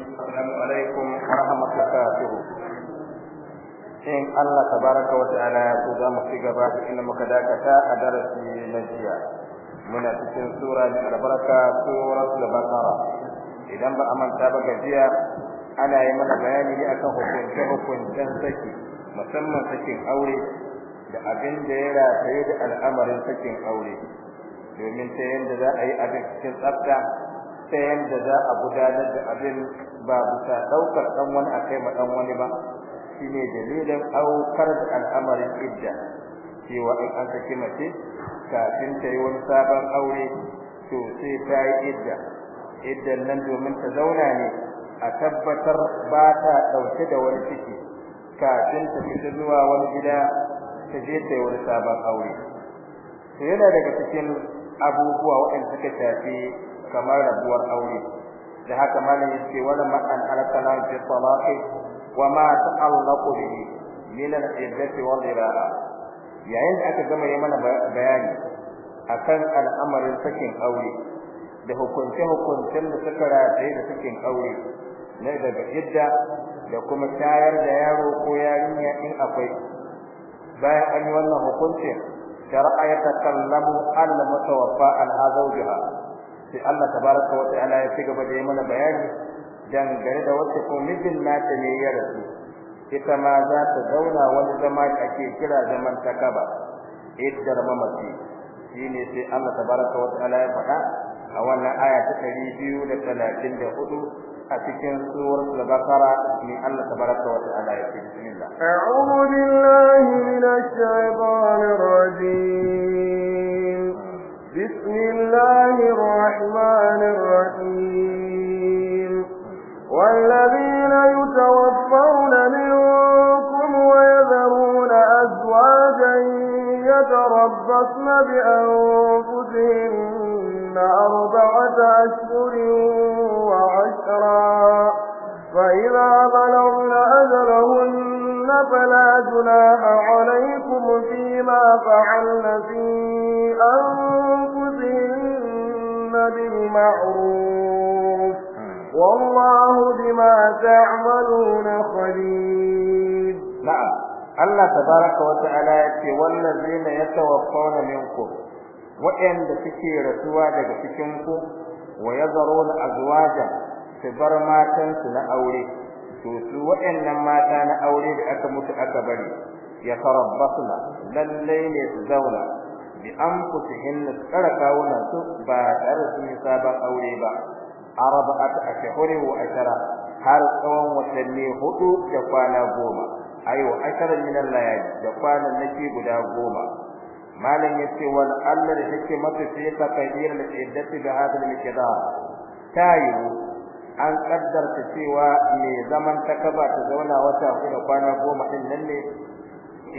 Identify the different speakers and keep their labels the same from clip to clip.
Speaker 1: السلام عليكم ورحمة in Allah baraka wata ta'ala ya za mu ci gaba ina muka dakata a darasi na jiya muna cikin sura da albarka suratul baqara idan ba manta ba gajiya ana yi mana bayani ne akan hukuncin hukuncin saki musamman sakin aure da abin da ya rataye da al'amarin sakin aure domin ta yadda za a yi abin cikin tsafta ta yadda za a gudanar da abin ba bisa daukar dan wani akai ma dan wani ba shine dalilin aukar da al'amarin idda cewa in an saki mace kafin ta yi wani sabon aure to sai ta yi idda iddan nan domin ta zauna ne a tabbatar ba ta dauke da wani ciki kafin ta fita zuwa wani gida ta je ta yi wani sabon aure to yana daga cikin abubuwa waɗanda suka shafi kamar rabuwar aure da haka malam yace wala ma'an an fi talaqi wa ma ta'allaqu bihi min al-iddati wal ira'a yayin da aka gama mana bayani akan al'amarin sakin aure da hukunce hukuncen da suka rataye da sakin aure na daga idda da kuma tayar da yaro ko yarinya in akwai bayan an yi wannan hukuncin shar'a ya takallamu al mutawaffa al hazawjaha sai Allah tabaraka wa ta'ala ya ci gaba da yi mana bayani gare da wacce ko mijin nata ne ya rasu ita ma za ta zauna wani zama da ake kira zaman takaba iddar mamaci shine sai Allah tabaraka wa ta'ala ya faɗa a wannan aya ta 234 أتكن سورة البقرة من الله تبارك وتعالى بسم الله
Speaker 2: أعوذ بالله من الشيطان الرجيم بسم الله الرحمن الرحيم والذين يتوفون منكم ويذرون أزواجا يتربصن بأنفسهن أربعة أشهر وعشرا فإذا بلغن أجلهن فلا جناح عليكم فيما فعلن في أنفسهن بالمعروف
Speaker 1: والله بما تعملون خبير نعم الله تبارك وتعالى يقول والذين يتوفون منكم وإن تكي رسوا دك تكنكم ويذرون أزواجا تبر ماتن سنأوري to su waɗannan mata na aure da aka mutu aka bari ya tarabbasna lallai ne su zauna bi anfusihin tsara kawunan su ba tare sun yi sabon aure ba arba'at ashhuri wa ashara har tsawon watanni hudu da kwana goma ayo ashara min al-layali da kwana nake guda goma malam yace wal Allah da take mata sai ka kadir da iddati da hadal tayu an kaddarta cewa mai zaman takaba ta zauna wata kuma kwana goma din nan ne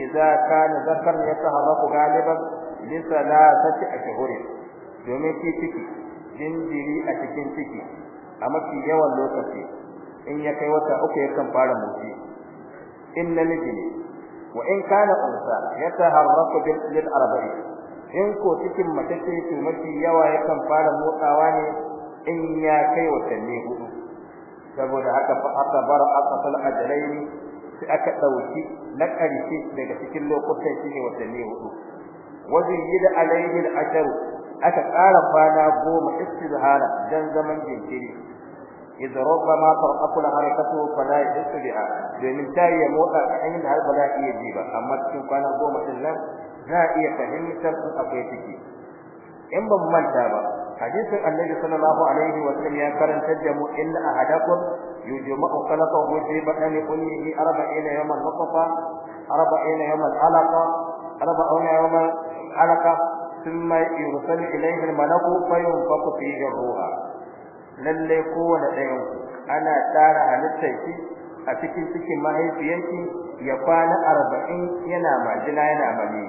Speaker 1: idza kana zakar ya ku galiban li a shahuri domin ki ciki diri a cikin ciki a mafi yawan lokaci in ya kai wata uku ya kan fara motsi in namiji ne wa in kana unsa ku bil arba'i in ko cikin mace ce to mafi yawa ya kan fara motsawa ne in ya kai watanni hudu saboda haka fa aka bar aka sal sai aka dauki na karshe daga cikin lokutan shine watanni hudu Wajen yida alaihi al-ashar aka ƙara kwana goma istizhara dan zaman jinkiri idza rubbama tarqaqul harakatu fala yastbiha domin tayi ya motsa ainihin har ba za iya ji ba amma cikin kwana goma din nan za a iya fahimtar su akwai ciki in ban manta ba hadisin annabi sallallahu alaihi wa ya karantar da mu inna ahadakum yujma'u khalaqahu fi batni ummihi 40 yawman nutfa 40 yawman alaqa 40 yawman alaqa thumma yursalu ilayhi al-malaku fayunfaqu fihi ruha lalle kowane ɗayan ana tsara halittar shi a cikin cikin mahaifiyarki ya kwana arba'in yana majina yana mani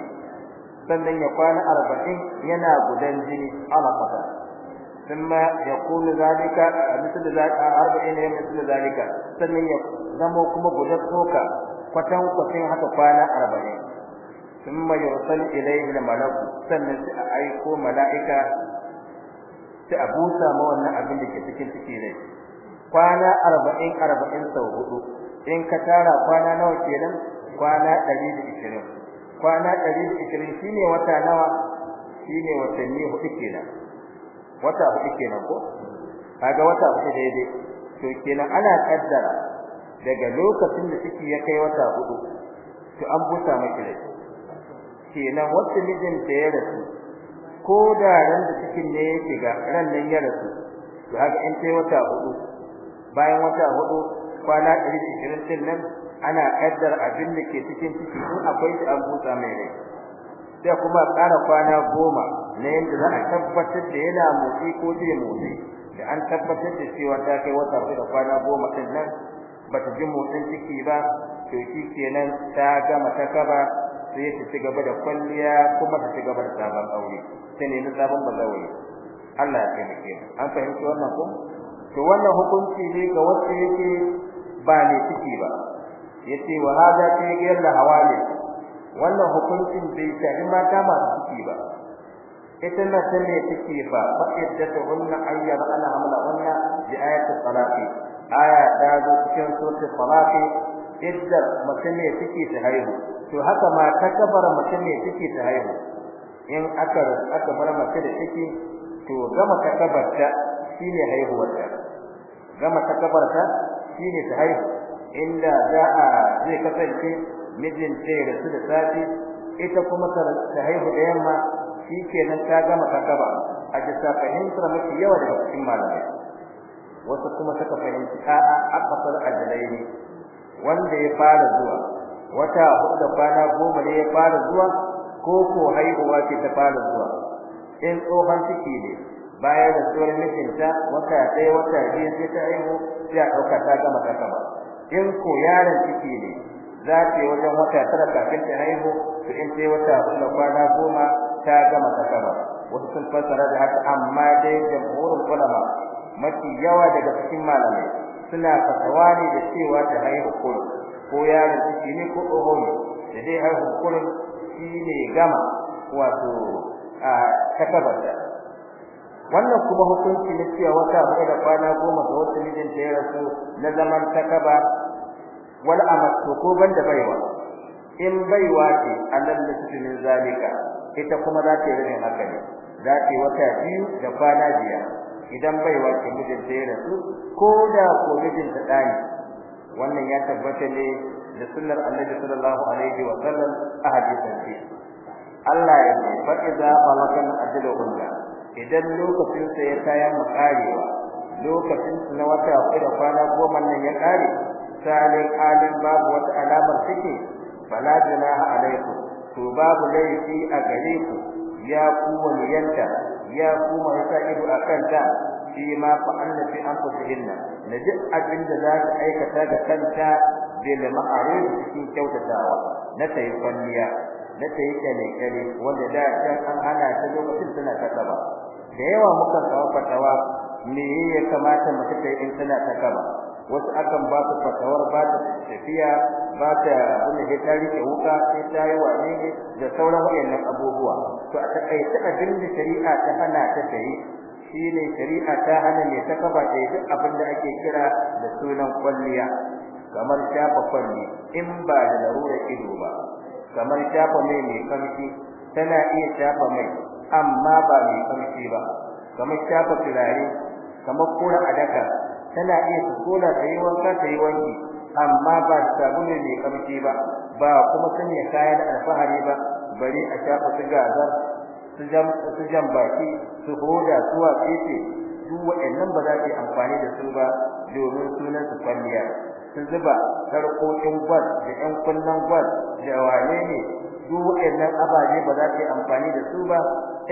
Speaker 1: sannan ya kwana arba'in yana gudan jini alaƙata ثم يقول ذلك مثل ذلك أربعين يوم مثل ذلك ثم يزمو كما بجدتوك فتن قسين حتى فانا أربعين ثم يرسل إليه الملك ثم سأعيكو ملائكة سأبوسا مونا أبن لك تكين تكيني فانا أربعين أربعين سوهد إن كتارا فانا نوى فانا أليد إشرين فانا أليد إشرين شيني وتانوى شيني وتنيه إكينا wata hudu kenan ko kaga wata hudu daidai to kenan ana kaddara daga lokacin da ciki ya kai wata hudu to an buta miki rai kenan wata mijin da ya rasu ko da ran da cikin ne ya ga ran nan ya rasu to haka in kai wata hudu bayan wata hudu kwana 120 din nan ana kaddara abin da ke cikin ciki in akwai an buta mai rai sai kuma tsara kwana goma ne yadda za a tabbatar da yana motsi ko zai motsi da an tabbatar da cewa ta kai wata uku da kwana goma ɗin nan ba ta ji motsin ciki ba to shi kenan ta gama ta kaba sai ta ci gaba da kwalliya kuma ta ci gaba da sabon aure sai ne na sabon bazawai Allah ya taimake mu an fahimci wannan ko to wannan hukunci ne ga wacce yake ba ne ciki ba yace wa hada fi ghayr hawali wannan hukuncin bai shafi mata masu ciki ba ita na ta ne take fa fa iddatu hunna ayyara ana hamla hunna bi ayati salati aya ta zo cikin suratul salati idda mace ne take ta haihu to haka ma ta ma mace ne take ta haihu in aka aka bar mace da take to gama ta kabarta shine ta. gama ta kabarta shine ta haihu inda za a zai kasance mijin ta da su da sati ita kuma ta haihu da yamma shikenan ta gama takaba a jissa fahimtar mafi yawa daga cikin malamai wasu kuma suka fahimci a'a aqsal ajalaini wanda ya fara zuwa wata hudu da kwana goma ne ya fara zuwa ko ko haihuwa ce ta fara zuwa in tsohon ciki ne bayan da tsohon mijinta wata ɗaya wata biyu sai ta haihu sai a ɗauka ta gama takaba in ko yaron ciki ne za ta yi wajen wata tara kafin ta haihu to in sai wata hudu da kwana goma ta gama ta wasu sun fassara da haka amma dai jamhurin ulama mafi yawa daga cikin malamai suna fatawa ne da cewa ta haihu kullu ko yaron ciki ne ko tsoho ne da dai haihu kullu shi ne gama wato a ta wannan kuma hukunci na cewa wata huɗu da kwana goma ga wata mijin da ya rasu na zaman takaba wal amat ko banda baiwa in baiwa ce annal da min zalika ita kuma za ta yi haka ne za ta wata biyu da kwana biyar idan bai wace mijinta ya rasu ko da ko ta ɗani wannan ya tabbata ne da sunnar annabi sallallahu alaihi wa sallam a hadisin shi Allah ya ce fa idza balakan ajaluhunna idan lokacin sa ya taya makarewa lokacin na wata uku da kwana goma nan ya kare salin alim babu wata alamar take fala jinaha alaikum to babu laifi a gare ku ya kuma yanta ya kuma marasa ido a kanta shi ma fa annabi an hinna na duk abin da za ka aikata ga kanta bil ma'ruf cikin kyautatawa na tayi kwalliya, na tayi kale kale wanda da kan an hana ta lokacin tana takaba da yawa muka kawo fatawa me ya kamata mu in tana kasaba wasu akan ba su fatawar ba ta tafiya ba ta wani da ta rike wuka sai ta yi wane ne da sauran wayannan abubuwa to a takaice abin da shari'a ta hana ta shi shine shari'a ta hana ne ta kaba ta duk abin da ake kira da sunan kwalliya kamar shafa kwalli in ba da larura ido ba kamar shafa mai mai kamshi tana iya shafa mai amma ba mai kamshi ba kamar shafa turare kamar kura adaka tana iya ta kona ta yi wanka ta yi wanki amma ba ta sabulu mai kamshi ba ba kuma sanya kayan alfahari ba bari a shafa su gazar su jan baki su hoda su watsece duk wa'annan ba za ta yi amfani da su ba domin sunan su kwalliya sun zuba sarƙoƙin gwal da yan kunnen gwal da wane ne duk wa'annan ababe ba za ta yi amfani da su ba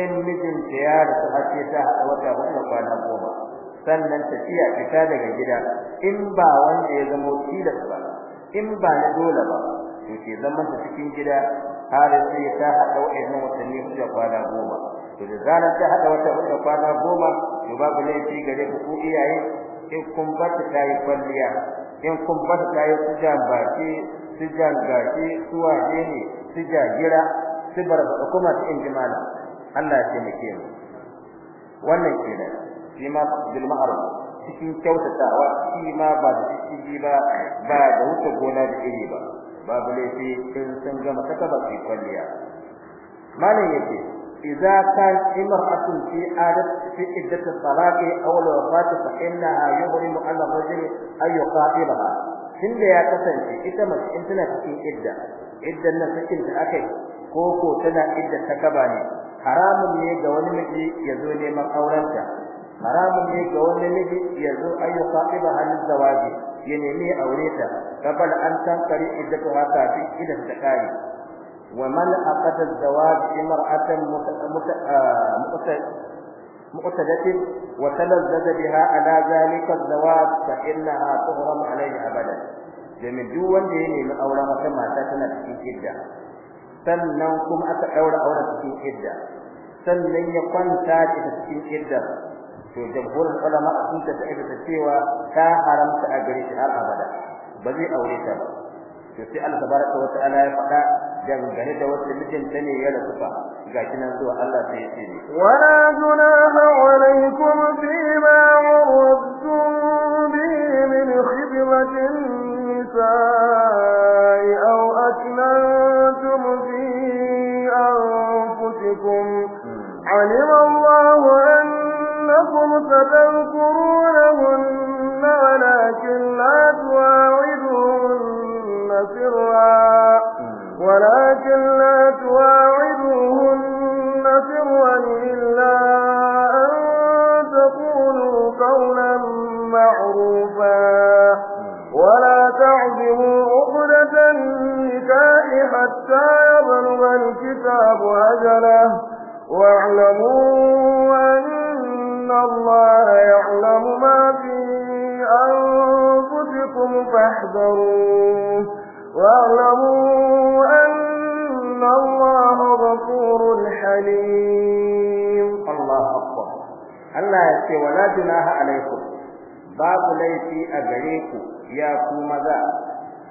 Speaker 1: in mijinta ya rasu har sai ta haɗa wata wata kwana goma sannan tafiya fita daga gida in ba wanda ya zama da ba in ba ne dole ba to ke zaman ta cikin gida har sai ta hada wa'annan watanni da kwana goma to da zaran ta hada wata da kwana goma to babu laifi gare ku ku iyaye in kun ba ta kai kwalliya in kun ba ta tayi sujan baki sujan su suwa ne su su sibar kuma in injimala Allah ya taimake mu wannan kenan shi ma bil ma'ruf cikin kyautatawa shi ma ba da shi ba ba da wuce gona da iri ba babu laifi sun gama ta ba kwalliya malam yake idza kan imra'atun fi adat fi iddat talaqi aw al-wafat fa innaha yuhrimu ala rajuli ay yuqatilaha tunda ya kasance ita mace in tana cikin idda iddan nan cikin ta akai ko ko tana idda ta kaba ne haramun ne ga wani miji ya zo neman aurenta haramun ne ga wani miji ya zo an yi fa'iba halin zawaji ya nemi aure ta kabal an tankari iddatu ha kafin idan ta kare wa man aqada az-zawaj imra'atan muqtadatin ah, wa talazzaza biha ala zalika az-zawaj fa innaha tuhram alayhi abadan domin duk wanda ya nemi auren wata mata tana cikin idda sannan kuma aka daura auren cikin idda sannan ya kwanta cikin idda to jabbur ulama sun ta tafi da cewa ta haramta a gare shi har abada ba zai aure ta ba to sai Allah tabaraka wa ta'ala ya faɗa gare da wasu mutum ta ne ya rasu ga kinan zuwa Allah sai ya ce ni la
Speaker 2: junaha alaykum fi ma waradtum bi min khidmatin nisa'i aw aknantum fi anfusikum علم الله فتذكرونهن ولكن لا تواعدوهن سرا ولكن لا تواعدوهن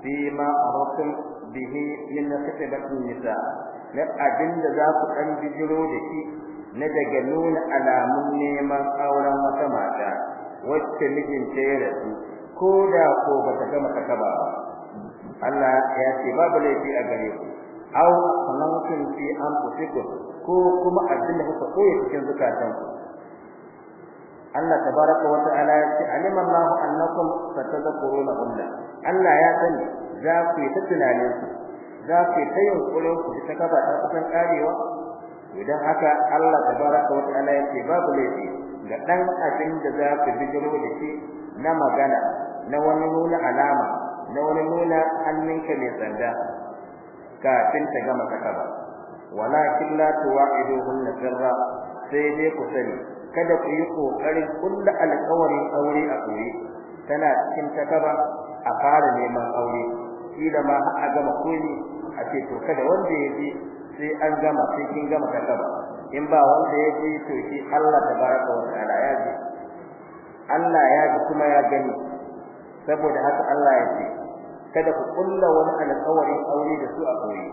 Speaker 1: فيما أردتم به من خطبة النساء na abin da za ku ɗan bijiro da shi na daga nuna alamun neman auren wata mata wacce mijinta ya rasu ko da ko ba ta gama ta ba Allah ya ce babu laifi a gare ku au sanankin fi an fusikun ko kuma abin da kuka koya cikin zukatan Allah tabaraka wa ta'ala ya ce alima Allahu annakum satadhkuruna hunna Allah ya sani za ku yi ta tunanin su za ku yi ta yunkurin ku ta kaba ta kusan karewa idan haka Allah tabaraka wa ta'ala ya ce babu laifi ga dan abin da za ku bijiro da shi na magana na wani nuna alama na wani nuna hannunka mai tsanda kafin ta gama ta kaba walakin la tuwa'iduhunna sirra sai dai ku sani kada ku yi kokarin ƙulla alƙawarin aure a gobe tana cikin takaba a fara neman aure shi da ma a gama koyi a ce to kada wanda ya ji sai an gama sai kin gama takaba in ba wanda ya ji to shi Allah tabaraka wa ta'ala ya ji Allah ya ji kuma ya gani saboda haka Allah ya ce kada ku ƙulla wani alƙawarin aure da su a gobe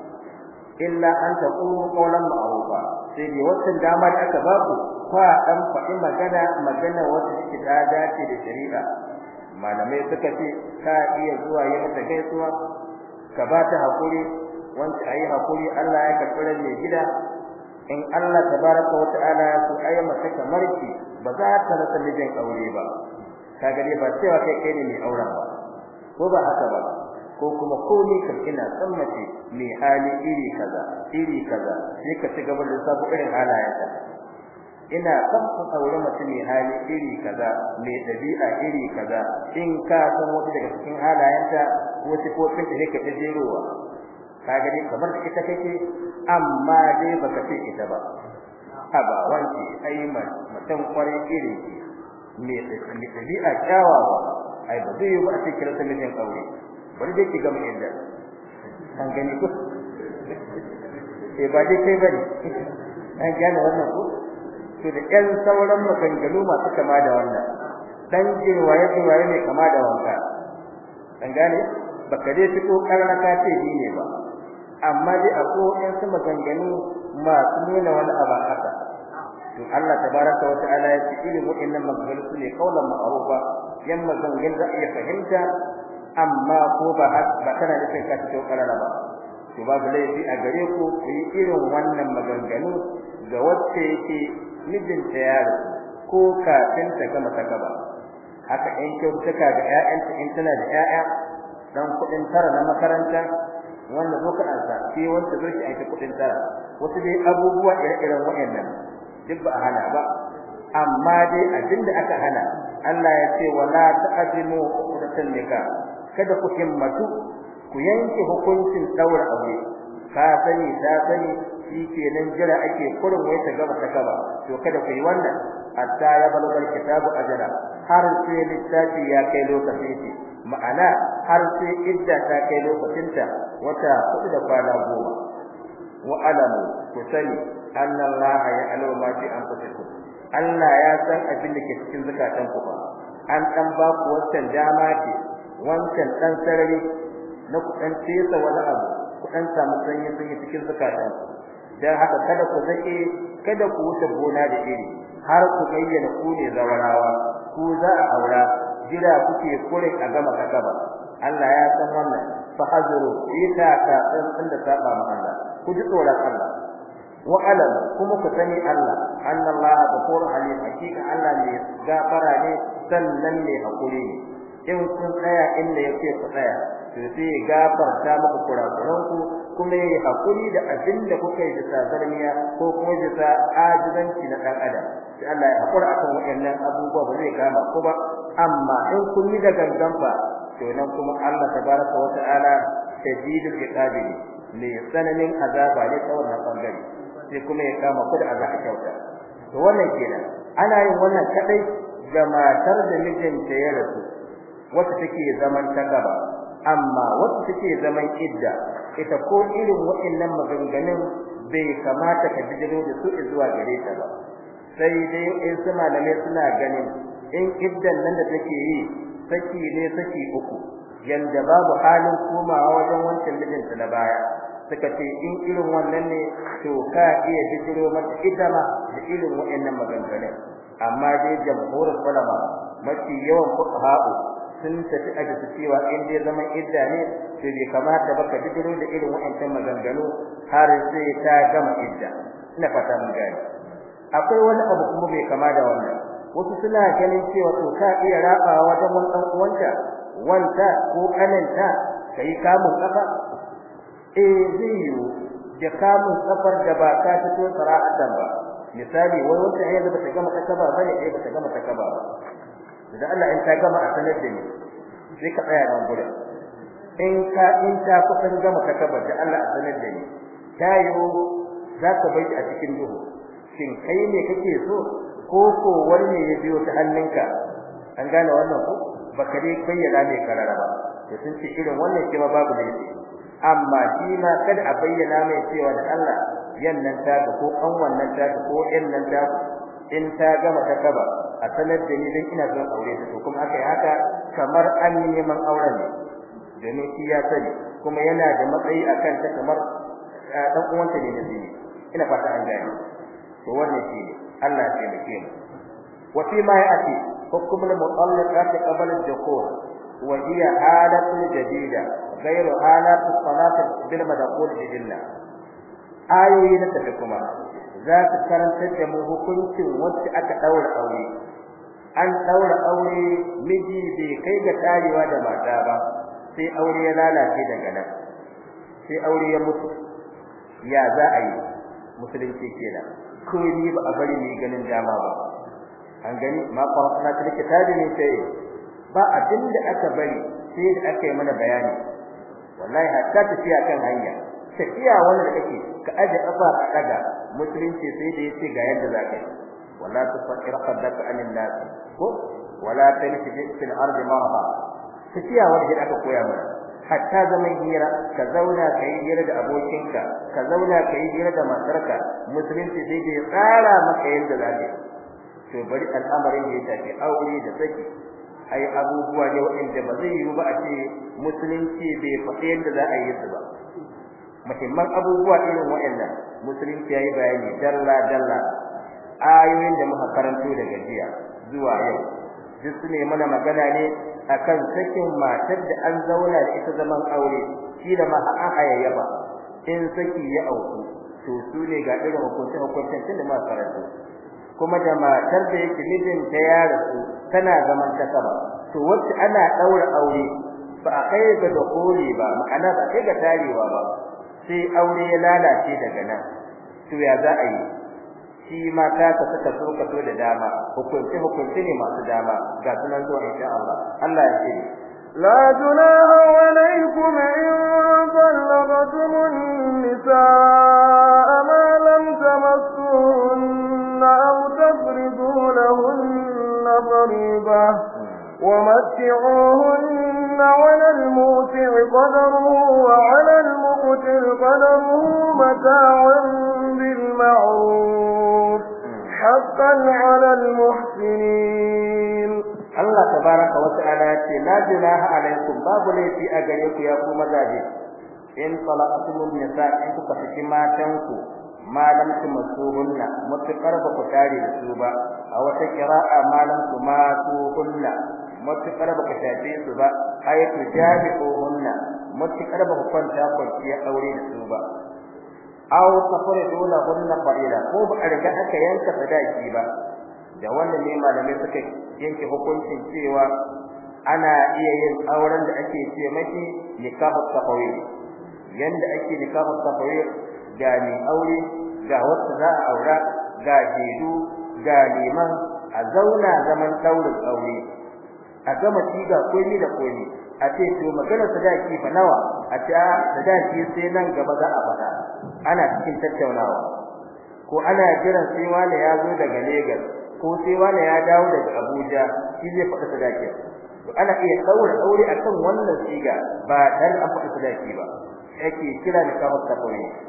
Speaker 1: illa an taqulu qawlan ma'rufa sai dai wannan dama da aka ku? ko an faɗi magana magana wata take da dace da shari'a malamai suka ce ka iya zuwa yi mata gaisuwa ka ba ta hakuri wanda ayi hakuri Allah ya karɓi mai gida in Allah tabaraka wa ta'ala ya so ayi mata kamar ki ba za ta rasa mijin aure ba ka dai ba cewa kai kai ne mai auren ba ko ba haka ba ko kuma ne ka kina san mace mai hali iri kaza iri kaza sai ka ci gaba da sabu irin halayen ina tsafta wurin mutum mai hali iri kaza mai dabi'a iri kaza in ka san wata daga cikin halayenta wata ko ta ne ka tajerowa kaga dai kamar ita take amma dai baka ce ita ba haba wanki ai mutum kwari iri mai dabi'a kyawawa ai ba zai yi ba a cikin rasa mijin aure bari dai ki gama yadda an gani ko Sai eh, ba dai kai bane an gane wannan ko to da sauran maganganu masu kama da wannan dan jewa ya waye ne kama da wanka dan gane baka dai fito karna ka ce ni ne ba amma dai akwai ƴan su maganganu masu nuna wani abu haka to Allah tabaraka wa ta'ala ya ce ilmu inna maganganu ne kaulan ma'rufa yan maganganu da iya fahimta amma ko ba ba tana da kai ka fito karna ba to babu laifi a gare ku ku yi irin wannan maganganu ga wacce yake mijinta ya rasu ko kafin ta gama ta gaba haka in ka ga ƴaƴanta in tana da ƴaƴa dan kuɗin tara na makaranta wanda zo ka ansa ke wanda zo ki aika kuɗin tara wasu dai abubuwa ire-iren waɗannan duk ba a hana ba amma dai abinda aka hana Allah ya ce wala ta'zimu uqdatan nikah kada ku himmatu ku yanke hukuncin daura aure ka sani ta sani shikenan jira ake kurin wai ta gaba ta gaba to kada ku yi wannan hatta ya balagal kitabu ajala har sai littafi ya kai lokacin shi ma'ana har sai idda ta kai lokacin ta wata hudu da kwana goma wa alamu ku sani anna Allah ya alu ma fi anfusikum Allah ya san abin da ke cikin zakatan ku ba an dan ba ku wancan dama ce wancan dan sarari na ku dan tsesa wani abu ku dan samu sanyi sanyi cikin zakatan ku dan haka kada ku sake kada ku wuce gona da iri har ku bayyana ku ne zawarawa ku za a aura jira kuke kore a gama kasaba Allah ya san wannan fa hazuru ita ka san inda ta ba Allah ku ji tsoron Allah wa alam kuma ku sani Allah anna Allah ghafur alim hakika Allah ne gafara ne sannan ne hakuri ne in kun tsaya inda yake ku tsaya sai ya gafarta muku kurakuran ku kuma yayi hakuri da abin da kuka yi da zarmiya ko kuma da ajibanci na dan adam sai Allah ya hakura akan wannan abubuwa ba zai kama ku ba amma in kun yi da gangan to nan kuma Allah tabaraka wa ta'ala shadidul iqabi ne sananin azaba ne ta wannan bangare sai kuma ya kama ku da azaba kyauta to wannan kenan ana yin wannan kadai ga matar da mijinta ya rasu wata take zaman ta gaba amma wacce take zaman idda ita ko irin waɗannan maganganun bai kamata ka bijiro da su zuwa gare ta ba sai dai in su malamai suna ganin in iddan nan da take yi saki ne saki uku yanda babu halin komawa wajen wancan ta na baya suka ce in irin wannan ne to ka iya bijiro mata ita ma da irin waɗannan maganganun amma dai jamhurin ulama mafi yawan fuqaha'u sun tafi a jiki cewa in dai zaman idda ne sai bai kamata ba ka bidiro da irin wa'ancan maganganu har sai ta gama idda ina fata mun gani akwai wani abu kuma bai kama da wannan wasu suna ganin cewa to ka iya rabawa wajen wani dan uwanta wanta ko kananta kai kamun kafa eh zai yiwu da kamun kafar da ba ka fito sara'atan ba misali wai wata ya zaba ta gama kasaba ba bane eh ba ta gama kasaba ba idan Allah in ta gama a sanar da ni sai ka tsaya nan gure in ka in ta kusan gama ka tabbata Allah a sanar da ni tayo za ka bai a cikin duhu shin kai ne kake so ko ko wanne ya biyo ta hannunka an gane wannan ko ka dai bayyana ne karara ba to sun ce irin wannan kima babu dai amma shi ma kada a bayyana mai cewa da Allah yannan ta ko an wannan ta ko in nan ta in ta gama ta kaba a sanar da ni dan ina zan aure ta to kuma aka yi haka kamar an neman auren ne domin shi ya sani kuma yana da matsayi akan ta kamar dan uwanta ne na jini ina fata an gane to wannan shi ne Allah ya taimake mu wa fi ma ya'ti hukm al-mutallaqat qabla ad-dukhul wa hiya halatun jadida ghayru halat as-salat bil madkhul bi ayoyi na tafi kuma za su karantar da mu hukuncin wacce aka daura aure an daura aure miji bai kai ga tarewa da mata ba sai aure ya lalace daga nan sai aure ya mutu ya za a yi musulunci kenan ko ni ba a bari ni ganin dama ba an gani ma qara'na ta kitabi ne sai ba abin da aka bari sai da aka yi mana bayani wallahi hatta tafiya kan hanya fiya wanda kake ka aje kafa a daga musulunci sai da ya yace ga yadda za ka yi wala da ka amina su, ko wala tanfi fil ardi marha tafiya wanda aka koya mana hatta zaman hira ka zauna ka yi hira da abokinka ka zauna ka yi hira da matarka musulunci sai da ya tsara maka yadda za ka yi to bari al'amarin da ya tafi aure da saki ai abubuwa ne waɗanda ba zai yiwu ba a ce musulunci bai faɗi yadda za a yi su ba muhimman abubuwa irin waɗannan musulunci yi bayani dalla dalla ayoyin da muka karanto daga jiya zuwa yau duk ne mana magana ne akan sakin matar da an zauna da ita zaman aure shi da ma an yaba. in saki ya auku to su ne ga irin hukuncin hukuncin da muka karanto kuma da matar da yake mijinta ya rasu tana zaman ta sama to wacce ana ɗaura aure ba a kai ga dole ba ma'ana ba kai ga tarewa ba sai aure ya lalace daga nan to ya za a yi shi ma ta ta saka so ka to da dama hukunci hukunci ne masu dama ga sunan zuwa insha Allah Allah ya ce la
Speaker 2: junaha alaykum in talaqtum nisaa ma lam tamassuhunna aw tafridu lahunna fariba ومتعوهن ثم على الموسع قدره وعلى المقتل قدره متاعا بالمعروف
Speaker 1: حقا على المحسنين Allah tabaraka wa ta'ala yace la junaha alaikum babu laifi a gare ku ya ku mazaje in sala'atum nisa in kuka saki matan ku malam ku masuhunna mutakar ba ku tare da su ba a wata a malam ku masuhunna matukar baka shafe su ba ay tujabi'uhunna matuƙar baka kwanta kwanciya aure da su ba aw dole hunna qalila ko ba a riga aka yanka sadaki ba da wannan ne malamai suka yanke hukuncin cewa ana iya yin auren da ake ce maki nikahu tafawir yanda ake nikahu tafawir ga ni aure ga wacce za a aura ga jedu ga liman a zauna zaman daurin aure a gama tiga koyi da koyi a ce to maganar sadaki fa nawa a ta sadaki sai nan gaba za a fada ana cikin tattaunawa ko ana jiran sai wani ya zo daga Lagos ko sai wani ya dawo daga Abuja shi zai faɗi sadaki to ana iya daura aure akan wannan tiga ba dan an faɗi sadaki ba yake kira da kamar tafawi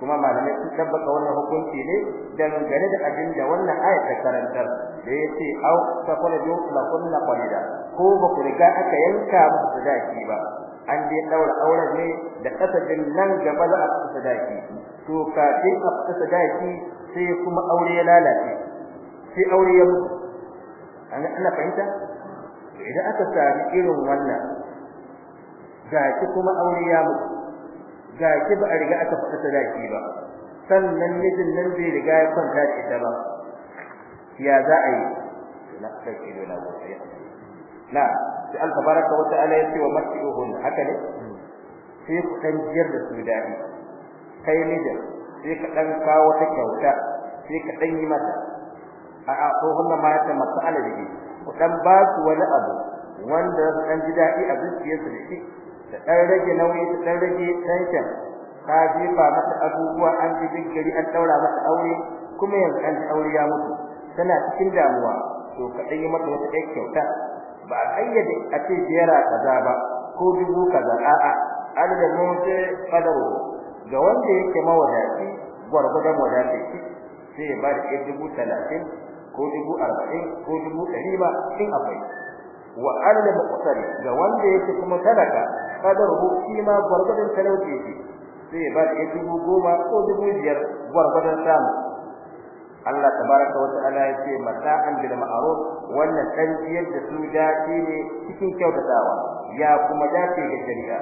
Speaker 1: kuma malamai sun tabbata wannan hukunci ne dangane da abinda wannan ayat ta karantar da yace au taqulu la kunna qalida ko ba ku riga aka yanka musu sadaki ba an dai daura auren ne da kasadin nan gaba za a sadaki to kafin a fita sadaki sai kuma aure ya lalace sai aure ya mutu ana fahimta idan aka sami irin wannan ga kuma aure ya mutu ga ki ba a riga aka faɗa sadaki ba sannan mijin nan bai riga ya kwanta da ita ba ya za a yi na sarki da lawo sai na sai Allah tabaraka wa ta'ala ya ce wa matiuhun haka ne sai ku dan jiyar da su dadi kai mijin sai ka dan kawo ta kyauta sai ka dan yi mata a a ko hunna ma ta masala da ku dan ba su wani abu wanda zan ji dadi a zuciyarsu da shi da dan rage nauyi da dan rage tension ka ba mata abubuwa an ji dinkari an daura mata aure kuma yanzu an aure ya mutu tana cikin damuwa to ka dai mata wata ɗan kyauta ba a ayyade a ce jera kaza ba ko dubu kaza a'a adadin mun ce kadaro ga wanda yake mawadaci gwargwadon wadaci sai ba da dubu talatin ko dubu arba'in ko dubu ɗari ba in akwai wa adadin muqtari ga wanda yake kuma talaka qadaruhu shi ma gwargwadon talauci shi sai ba da dubu goma ko dubu biyar gwargwadon samu Allah tabaraka wa ta'ala ya ce mata'an bil ma'ruf wannan dan da su dace ne cikin kyautatawa ya kuma dace da shari'a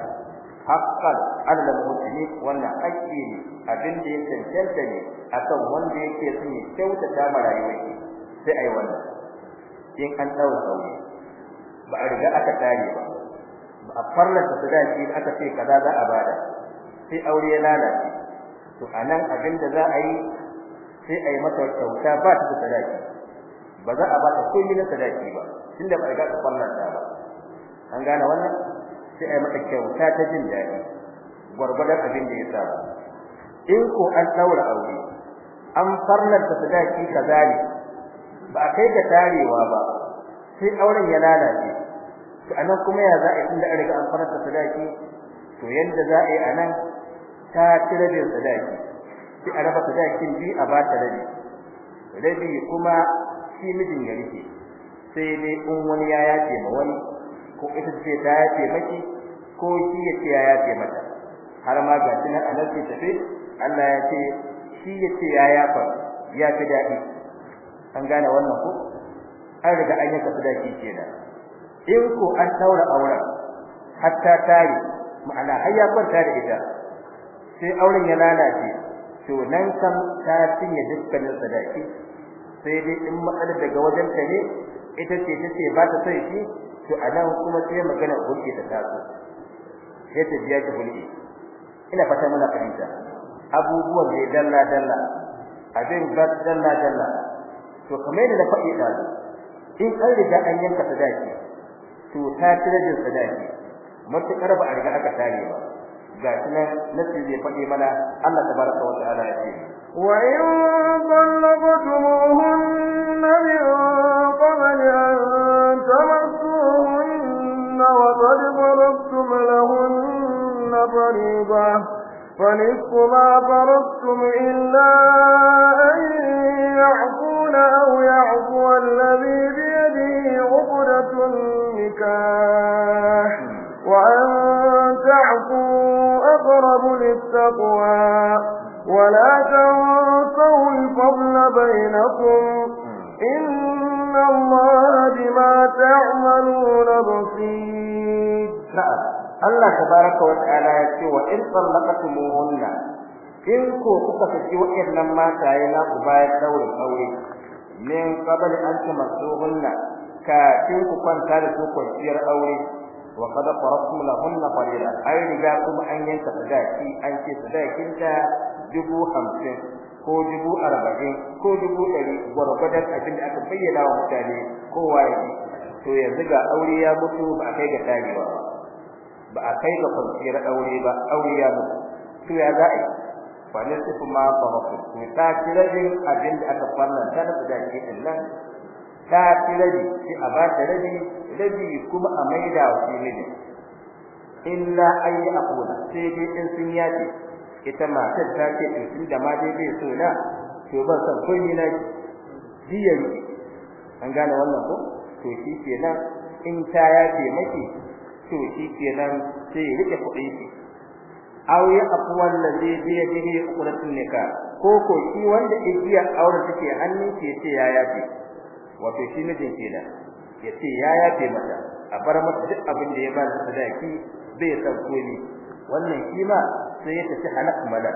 Speaker 1: haqqan alal muslimi wannan haƙƙi ne abin da ya tantance ne akan wanda yake son kyautata ma rayuwarsa sai ai wannan in an dawo ba a riga aka tare ba a da sadaki aka ce kaza za a bada sai aure ya lalace to anan abin da za a yi sai a yi mata kyauta ba ta da sadaki ba za a ba ta komai na sadaki ba tunda ba ga ta ba an gane wannan sai a yi mata kyauta ta jin daɗi gwargwadon abin da ya saba in ko an daura aure an da sadaki kaza ne ba kai da tarewa ba sai auren ya lalace to anan kuma ya za'i inda an riga an da sadaki to yanda za a yi anan ta cire da sadaki sai a raba sadakin bi a ba ta rabi rabi kuma shi mijin ya rike sai dai in wani ya yace ma wani ko ita ce ta yace maki ko shi ya ce ya yace mata har ma ga tunan alalci tafi Allah ya ce shi ya ce ya yafa ya fi daɗi an gane wannan ko an riga an yi sadaki kenan in ko an daura auren hatta tare ma'ana har ya kwanta da ita sai auren ya lalace to nan kam ta cinye dukkanin sadaki sai dai in matsalar daga wajen ta ne ita ce ce ba ta sai shi to anan kuma sai magana hulki ta taso sai ta biya ta hulki ina fata muna fahimta abubuwan da dalla dalla abin ba dalla dalla to kamar da faɗi da in an riga an yanka sadaki to ta ci rajin sadaki matukar ba a riga aka tare ba ga shi nan nasi zai faɗi mana Allah tabaraka wa ta'ala ya ce
Speaker 2: wa in talaqtumuhunna min qabli an tamassuhunna wa qad farabtum lahunna fariba فنصف ما فرضتم إلا أن يعفو يعفون أو يعفو الذي بيده عقدة النكاح وأن تعفوا أقرب للتقوى ولا تنفوا الفضل بينكم إن الله بما تعملون
Speaker 1: بصير Allah tabaraka wa ta'ala ya ce wa in sallaqatumuhunna in ko kuka saki wa'annan mataye na ku bayan daurin aure min qabl an tamassuhunna kafin ku kwanta da su kwanciyar aure wa qad qarabtum lahunna qalila ai riga kuma an yanka sadaki an ce sadakin ta dubu hamsin ko dubu arba'in ko dubu ɗari gwargwadon abin da aka bayyana wa mutane kowa ya to yanzu ga aure ya mutu ba a kai ga tarewa ba ba a kai ga kwanciyar aure ba aure ya mutu to ya za fa ne su kuma farafu ne ta kirajin abin da aka farna ta da dake din nan ta kiraji shi a ba ta rabi rabi kuma a maida wa shi ne illa ay aqula sai dai in sun yace ita matar ta ce in sun da ma dai bai so na to ban san ko ni na an gane wannan ko to shi kenan in ta yace maki to shi kenan sai rike kuɗin aw ya afwa allazi bi yadihi uqratun nikah ko ko shi wanda igiya aure take hannun shi yace ya yafe wato shi din kenan yace ya yafe mata a bar mata duk abin da ya ba da yake bai san ni wannan kima sai ya tafi halak mala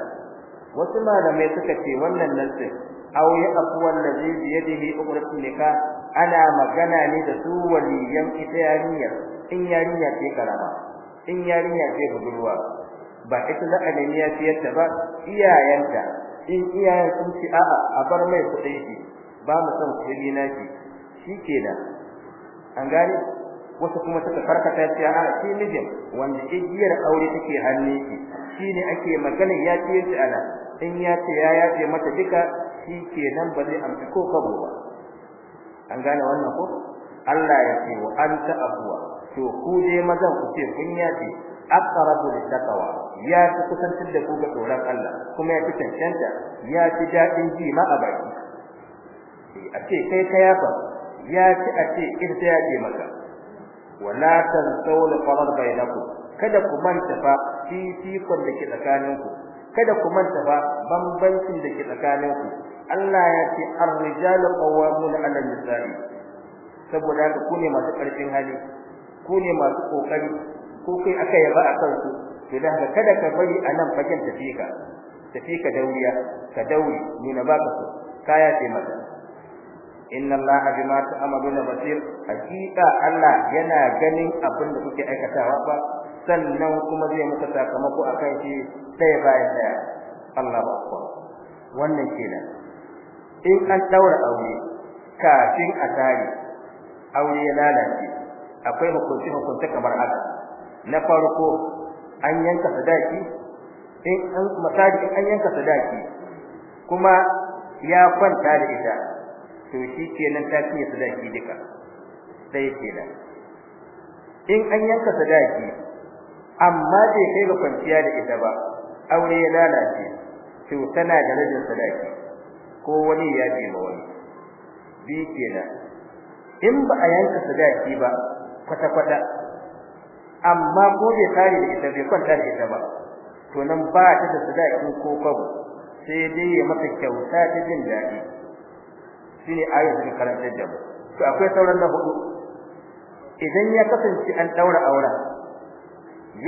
Speaker 1: wasu malamai suka ce wannan nasin aw ya afwa allazi bi yadihi uqratun nikah ana magana ne da su waliyan ita yarinya in yarinya ce karama in yarinya ce budurwa ba ita la'anin ya fiyarta ba iyayenta in iyayen sun ci a'a a bar mai kudin shi ba mu san kuɗi na shi shikenan an gani. wasu kuma suka farkata ce a'a shi mijin wanda igiyar aure take hannu shi shine ake magana ya fiyarta ana in ya ce ya ya ce mata duka shikenan ba zai amsa ko kabo ba an gane wannan ko Allah ya ce wa anta abwa to ku dai mazan ku ce kun ce, aqrabu taqwa ya fi kusantar da ku ga tsoron Allah kuma ya fi cancanta ya fi daɗin ji ma a baki a ce kai ka yafa ya ci a ce in ta yaƙe maka wala tansawla qarar bainaku? kada ku manta fa fifikon da ke tsakaninku kada ku manta fa bambancin da ke tsakaninku Allah ya ce ar-rijalu qawwamuna 'ala an-nisa'i saboda ku ne masu ƙarfin hali ku ne masu kokari ko kai aka yaba a ku. to da kada ka bari a nan fakin tafi ka tafi ka dauriya ka dauri nuna baka so kaya ce maka inna allaha bima ta'maluna basir hakika allah yana ganin abin da kuke aikatawa ba sannan kuma zai muka sakamako akan shi sai bayan daya ba akbar wannan kenan in an daura aure kafin a tare aure ya lalace akwai hukunci hukunci kamar haka na farko an yanka sadaki in an masadi an yanka sadaki kuma ya kwanta da ita to shi kenan ta kiyaye sadaki duka sai kenan in an yanka sadaki amma bai kai ga kwanciya da ita ba aure ya lalace to tana da rajin sadaki ko wani ya bi ma wani bi kenan in ba a yanka sadaki ba kwata kwata amma ko bai tare da ita bai kwanta da ita ba to nan ba ta da sadaki ko kwabo sai dai ya mata kyauta ta jin daɗi shine ayat da karanta da mu to akwai sauran na hudu idan ya kasance an daura aura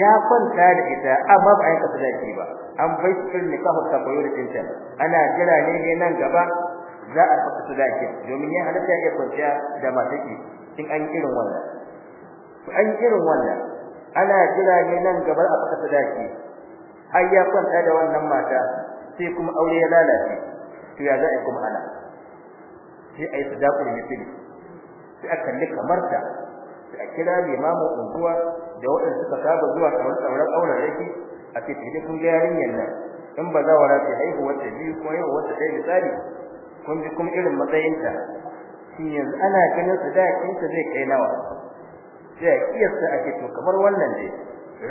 Speaker 1: ya kwanta da ita amma ba ai kasa daki ba an bai cikin nikahu ta bayar dinta ana jira ne ne nan gaba za a su sadaki domin ya halatta ya kwanta da mataki in an irin wannan an irin wannan ana jira ne nan gaba a faka sadaki har ya kwanta da wannan mata sai kuma aure ya lalace to ya za a kuma ana sai a yi dakuri ne sai a kalli kamar ta sai a kira limamin unguwa da wadanda suka saba zuwa kamar tsauran auren yake a ce ta kun ga yarinyar nan in ba za wara ta haihu wata biyu ko yau wata ɗaya misali kun bi kuma irin matsayinta shin yanzu ana ganin su da kinta zai kai nawa sai a kiyasta ake to kamar wannan ne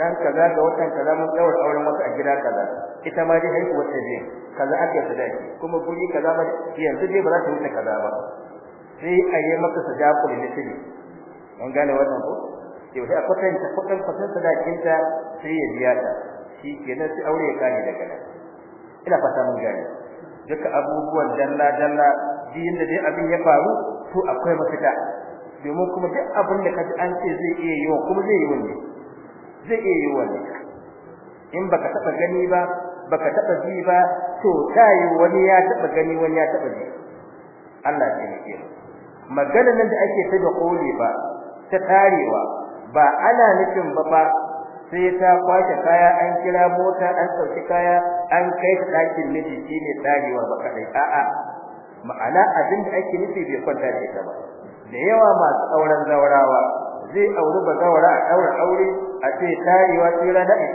Speaker 1: ran kaza ga watan kaza mun daura auren wata a gida kaza ita ma dai haihuwa wata ne kaza ake da sadaki kuma guri kaza ba yanzu dai ba za ta wuce kaza ba sai a yi maka sadaku da litini mun gane wannan ko yau sai a kwatanta kwatan kwatan sadakin ta sai ya biya ta shi kenan sai aure ya kare daga nan ina fata mun gane duka abubuwan dalla dalla din da dai abin ya faru to akwai mafita domin kuma duk abin da kaji an ce zai iya yi wa kuma zai yi wani zai iya yi wani in baka taba gani ba baka taba ji ba to tayi wani ya taba gani wani ya taba ji Allah ya tsare magana nan da ake ta da kole ba ta tarewa ba ana nufin ba ba sai ta kwace kaya an kira mota an sauki kaya an kai ta dakin miji shine tarewa ba kadai a'a ma'ana abin da ake nufi bai kwanta da ita ba da yawa masu auren zaurawa zai auri ba zaura a daura aure a ce tarewa tsira da ka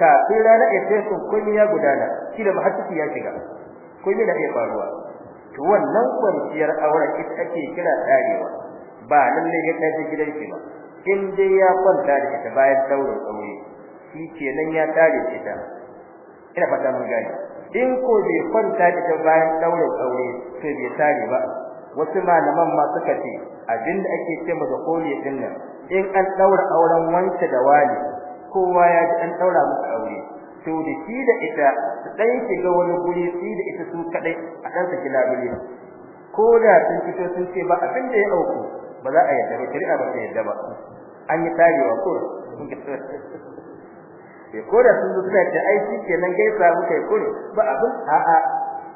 Speaker 1: kafin rana ite sun kunya gudana shi da mahaifi ya shiga kunya da iya faruwa to wannan kwanciyar auren ita ake kira tarewa ba lalle ya tafi gidan shi ba in dai ya kwanta da ita bayan daurin aure shi nan ya tare ita ina fata mun gani in ko bai kwanta da ita bayan daurin aure sai bai tare ba wasu malaman ma suka ce abinda ake ce mu da koli din nan in an daura auren wanda da wani kowa ya ji an daura musu aure to da shi da ita su dai ga wani guri shi da ita su kadai a dan su labule ko da sun fito sun ce ba abin da ya auku ba za a yarda ba shari'a ba ta yarda ba an yi tarewa ko sai eh, ko da sun zuwa da aiki kenan gaisa muka yi ba abin a'a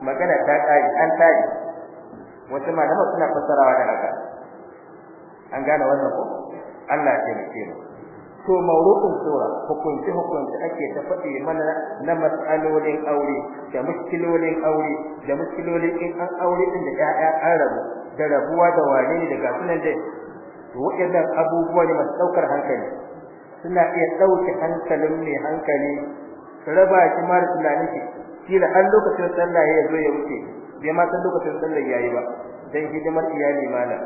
Speaker 1: magana ta kai an tare wasu malaman suna fassarawa da haka an gane wannan ko Allah ya taimake mu to mawruqin sura hukunci hukunci ake ta faɗi mana na mas'alolin aure da mushkilolin aure da mushkilolin in an aure din da ƴaƴa an rabu da rabuwa da wane ne daga sunan dai to waɗannan abubuwa ne masu ɗaukar hankali suna iya ɗauke hankalin mai hankali raba shi mara tunanin shi kila an lokacin sallah ya zo ya wuce bai ma san lokacin sallar yayi ba dan hidimar iyali mana,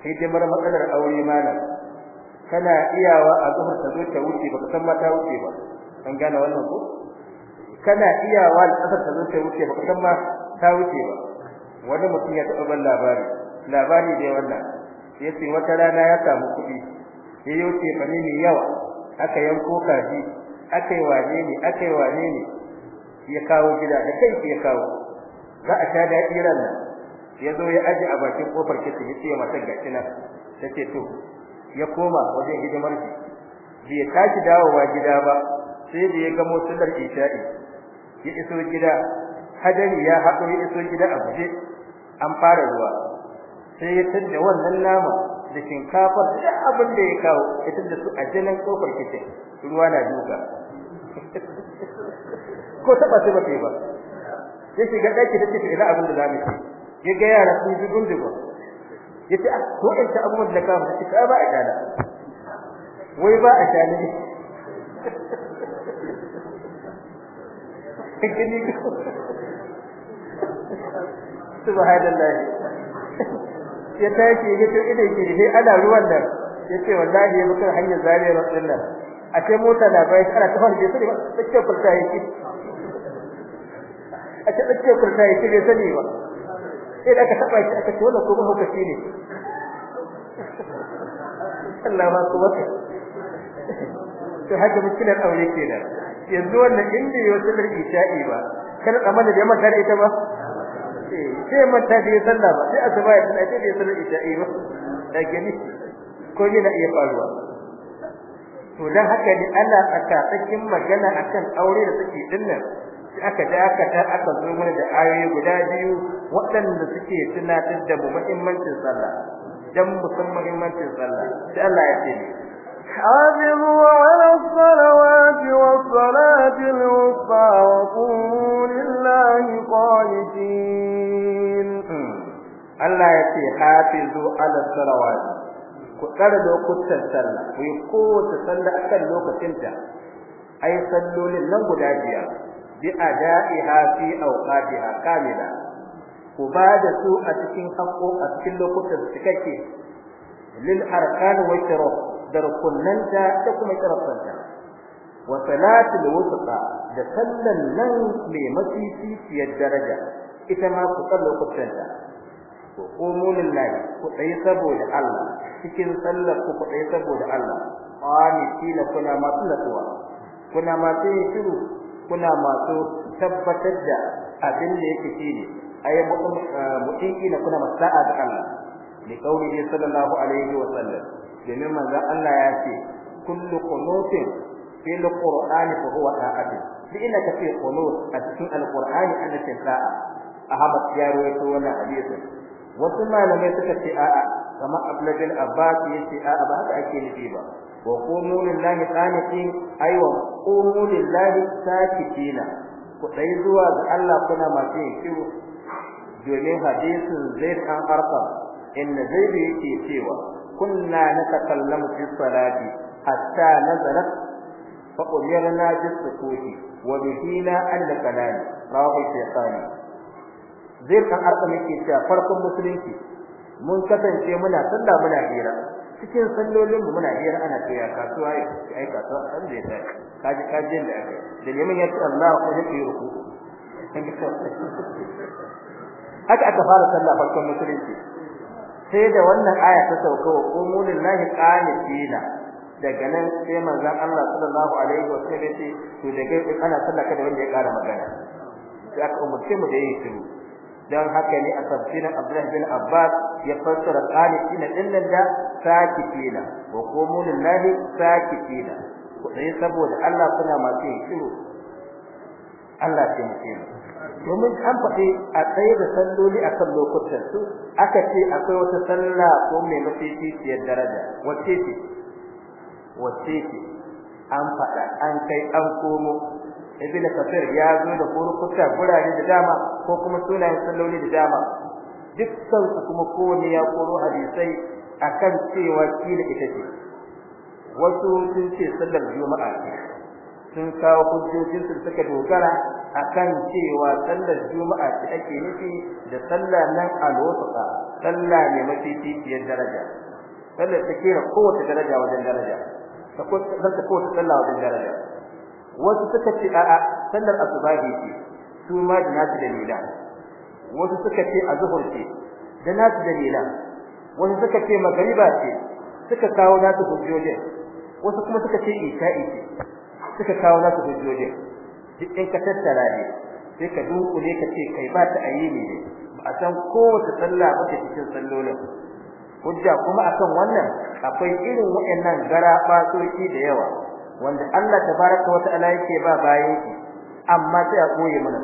Speaker 1: hidimar matsalar aure mana. kana iyawa a zuhur ta zo ta wuce baka san ma ta wuce ba an gane wannan ko kana iyawa al'asar ta zo ta wuce baka san ma ta wuce ba wani mutum ya taɓa ban labari labari dai wannan yace wata rana ya samu kuɗi ya yoce bane ne yawa aka yanko kaji aka yi wane ne aka yi wane ne ya kawo gida da kai ya kawo za a sha da iran nan ya zo ya aje a bakin kofar kici ya ce mata gashi nan ta to ya koma wajen hidimar shi bai tashi dawowa gida ba sai da ya ga motsalar isha'i ya iso gida hadari ya haɗo ya iso gida a buje an fara ruwa sai ya tada wannan nama da shinkafar da abin da ya kawo ya tada su a jinin kofar kici ruwa na duka ko ba sai ba ya shiga daki take shiga abin da zamu ci ya ga yara sun ji gundugo yace a ah, ko in ta abubuwan da ka ba ci ka ba a kana wai ba a kana kini subhanallah ya tashi ya ce ina ki dai ana ruwan nan yace wallahi ya mutar hanyar zariyar nan a ce mota na bai kana ta farke su ne ba take fulta yake a ta kurta ya ce sani ba sai da aka taba shi aka ce wannan ko mahaukaci ne Allah ba ku wata to haka mukilar aure kenan yanzu wannan inda yau sallar isha'i ba kar kada mana da yamma ita ba eh, sai mata da sallah ba sai asuba ya tsaya da sallar isha'i ba da gani ko yana iya faruwa to dan haka ne ana a tsakin magana akan aure da take dinnan aka dakata aka zo mana da ayoyi guda biyu waɗanda suke tunatar da mu muhimmancin sallah dan musamman muhimmancin sallah sai Allah ya ce
Speaker 2: حافظوا على الصلوات والصلاة الوسطى وقوموا لله
Speaker 1: قانتين Allah ya ce hafizu ala salawat ku tsare lokutan sallah ku yi kowace sallah akan lokacinta ai sallolin nan guda biyar bi adaiha fi awqatiha kamila ku ba da su a cikin hakko a cikin lokutan da kake lil arkan wa shuruf da rukunanta da kuma sharafanta wa salatul wusta da sallan nan mai mafifi fiyar daraja ita ma ku sallo kutanta ko qumu lillahi ku tsayi saboda Allah cikin sallar ku tsayi saboda Allah qani kila kuna masu natsuwa kuna masu shiru kuna masu tabbatar da abin da yake shine ay na kuna masa'a da Allah kauli ne sallallahu alaihi wa sallam domin manzo Allah ya ce kullu qunutin fil qur'ani fa huwa ta'ati bi inna ka fi qunut a cikin alqur'ani annaka ta'a ahmad ya rawaito wannan hadisi wasu malamai suka ce a'a kamar abdul abbas yace a'a ba haka ake nufi ba wa qumu lillahi qanitin ay wa qumu lillahi sakitina ku dai zuwa ga Allah kuna masu yin shiru domin hadisin Zaid an Arqa inna Zaid yake cewa kunna natakallamu fi salati hatta nazalat fa umirna bis sukuti wa bihina an kalami rawi shaytani Zaid an Arqa yake cewa farkon musulunci mun kasance muna salla muna hira cikin sallolin mu muna biyar ana ce ya kasuwa ya ai kasuwa an zai ta kaji kaji da aka da neman ya ce Allah ko da yi ruku haka aka fara sallah farkon musulunci sai da wannan aya ta sauka wa qulul lahi qanitina daga nan sai manzon Allah sallallahu alaihi Wasallam ya ce to daga ana sallaka da wanda ya kara magana sai aka umurce mu da yi shiru dan haka ne a tafsirin Abdullah bin Abbas ya fassara qanitina illan da sakitina wa qumu lillahi sakitina ko dai saboda Allah kuna masu shiru Allah ya mutu domin an faɗi a tsaye da salloli a kan lokutan su aka ce akwai wata salla ko mai mafificiyar daraja wacce ce wacce ce an faɗa an kai an komo ibn kafir ya zo da kurkuta gurare da dama ko kuma sunayen salloli da dama Duk su kuma kowane ya koro hadisai akan cewa kila ita ce wasu sun ce sallar juma'a sun kawo hujjojin su suka dogara akan cewa sallar juma'a ce ake nufi da sallah nan al-wusta sallah ne mafi fifiyar daraja sallar take da kowace daraja wajen daraja ta kowace sallah wajen daraja wasu suka ce a'a sallar asubahi ce su ma da nasu dalila wasu suka ce azhur ce da nasu dalila wasu suka ce magriba ce suka kawo nasu hujjoji wasu kuma suka ce isha'i ce suka kawo nasu hujjoji duk in ka tattara ne sai ka ne ka ce kai ba ta ayi ne ba a san kowace sallah ba ta cikin sallolin hujja kuma akan wannan akwai irin waɗannan garaba soki da yawa wanda Allah tabaraka wa ta'ala yake ba bayan ki amma sai a koye mana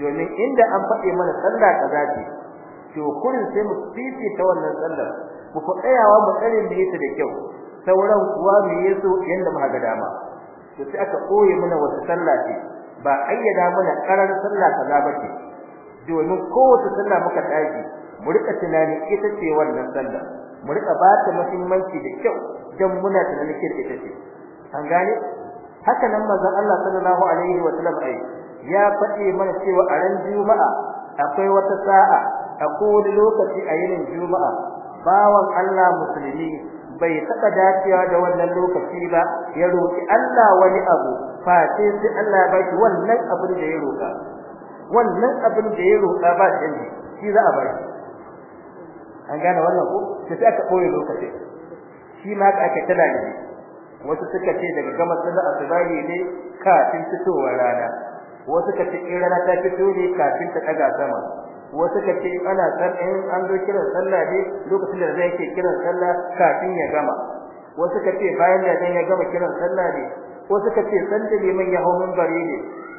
Speaker 1: domin inda an faɗi mana sallah kaza ce to kurin sai mu fifi ta wannan sallar mu ku tsayawa mu tsare da ita da kyau sauran kuwa me yaso yanda mu ga dama to sai aka koye mana wata sallah ce ba ayyada mana karar sallah kaza ce, domin kowace sallah muka tsaye mu rika tunani ita ce wannan sallah mu rika ba ta muhimmanci da kyau dan muna tunanin ita ce an gane haka nan manzon Allah sallallahu alaihi wa sallam ai ya faɗi mana cewa a ran juma'a akwai wata sa'a a kowane lokaci a yinin juma'a bawan Allah musulmi bai taɓa dacewa da wannan lokaci ba ya roƙi Allah wani abu face sai Allah ya baki wannan abin da ya roƙa wannan abin da ya roƙa ba ne, shi za a baki an gane wannan ko sai aka koyi lokacin shi ma aka tana ne wasu suka ce daga gama sallar asubahi ne kafin fitowar rana wasu suka ce in rana ta fito ne kafin ta daga sama wasu suka ce ana san in an zo kiran sallah ne lokacin da zai ke kiran sallah kafin ya gama wasu suka ce bayan da zai ya gama kiran sallah ne wasu suka ce san da liman ya hau minbari ne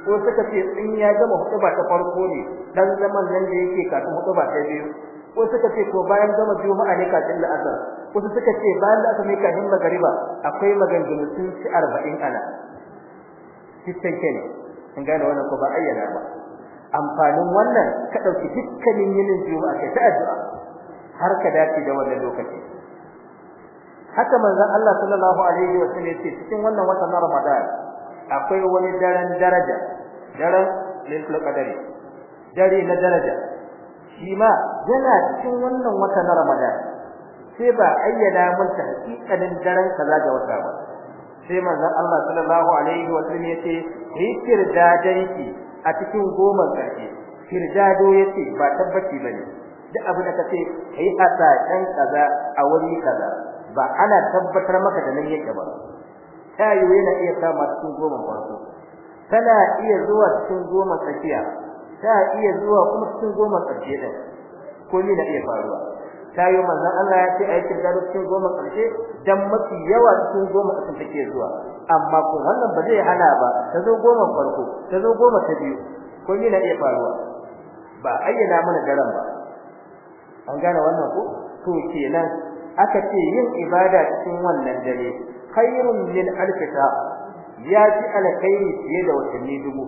Speaker 1: wasu suka ce in ya gama hutuba ta farko ne dan zaman nan da yake kafin hutuba ta biyu wasu suka ce ko bayan gama juma'a ne kafin la'asar wasu suka ce bayan da aka mai kafin magariba akwai maganganu sun ci 40 ana kitan kenan in gane wannan ko ba ayyana ba amfanin wannan ka dauki dukkanin yinin juma'a kai ta addu'a har ka dace da wannan lokaci haka manzon Allah sallallahu alaihi wasallam ce cikin wannan watan Ramadan akwai wani daren daraja daren lailatul qadari dare na daraja shi ma yana cikin wannan watan Ramadan sai ba ayyana mun ta hakikanin daren kaza da wata ba sai manzon Allah sallallahu alaihi wa sallam yace hikir da danki a cikin goma Kirda kirdado yace ba tabbaci bane duk abu da kace kai hasa dan kaza a wuri kaza ba ana tabbatar maka da nan yake ba tayo yana iya kama cikin goma farko tana iya zuwa cikin goma tsakiya ta iya zuwa kuma cikin goma karshe din ko ni na iya faruwa ta yi manzon Allah ya ce a yi kirgado cikin goma ƙarshe dan mafi yawa cikin goma ƙarshe take zuwa amma ko wannan ba zai hana ba ta zo goma farko ta zo goma ta biyu ko ni na iya faruwa ba ayyana mana daren ba an gane wannan ko to kenan aka ce yin ibada cikin wannan dare khairun min alfita ya ji alkhairi fiye da watanni dubu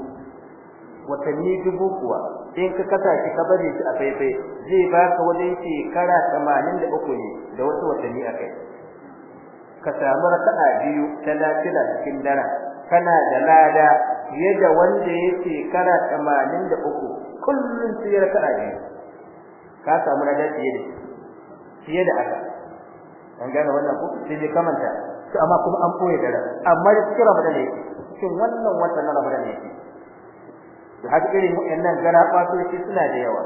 Speaker 1: watanni dubu kuwa in ka kasa shi ka bari shi a faifai zai baka wajen shekara 83 ne da wasu watanni a kai ka samu raka'a biyu ta lafiya cikin dara kana da lada fiye da wanda ya shekara 83 kullum sai raka'a biyu ka samu lada fiye da fiye da aka an gane wannan ko sai kamanta to amma kuma an koyi dara amma cikin Ramadan ne cikin wannan watan na Ramadan ne da haka irin wayannan garaɓatoci suna da yawa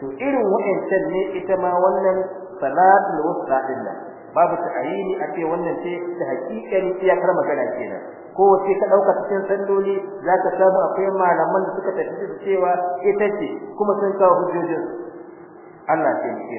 Speaker 1: to irin wayancan ne ita ma wannan salatul wusta din nan babu ta'ayini a ce wannan ce ta hakikan iyakar magana kenan ko wace ka dauka cikin salloli zaka samu akwai malaman da suka tafi da cewa ita ce kuma sun kawo hujjojin Allah ke yi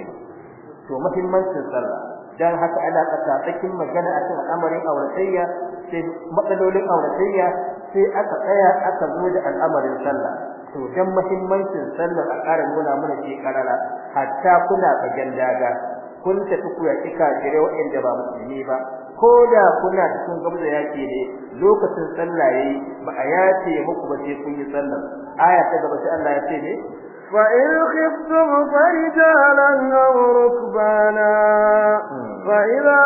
Speaker 1: to muhimmancin sallah dan haka ana cikin magana akan al'amarin auratayya sai matsalolin auratayya sai aka tsaya aka zo da al'amarin sallah to dan muhimmancin sallar a ƙara muna mana shi karara hatta kuna fagen daga kun tafi tuku ya kika jire wa'anda ba musulmi ba ko da kuna cikin gabda yake ne lokacin sallah yayi ba a yace muku ba sai kun yi sallar aya ta gaba sai Allah ya ce ne
Speaker 2: فإن farijalan aw rukbana hmm. fa فإذا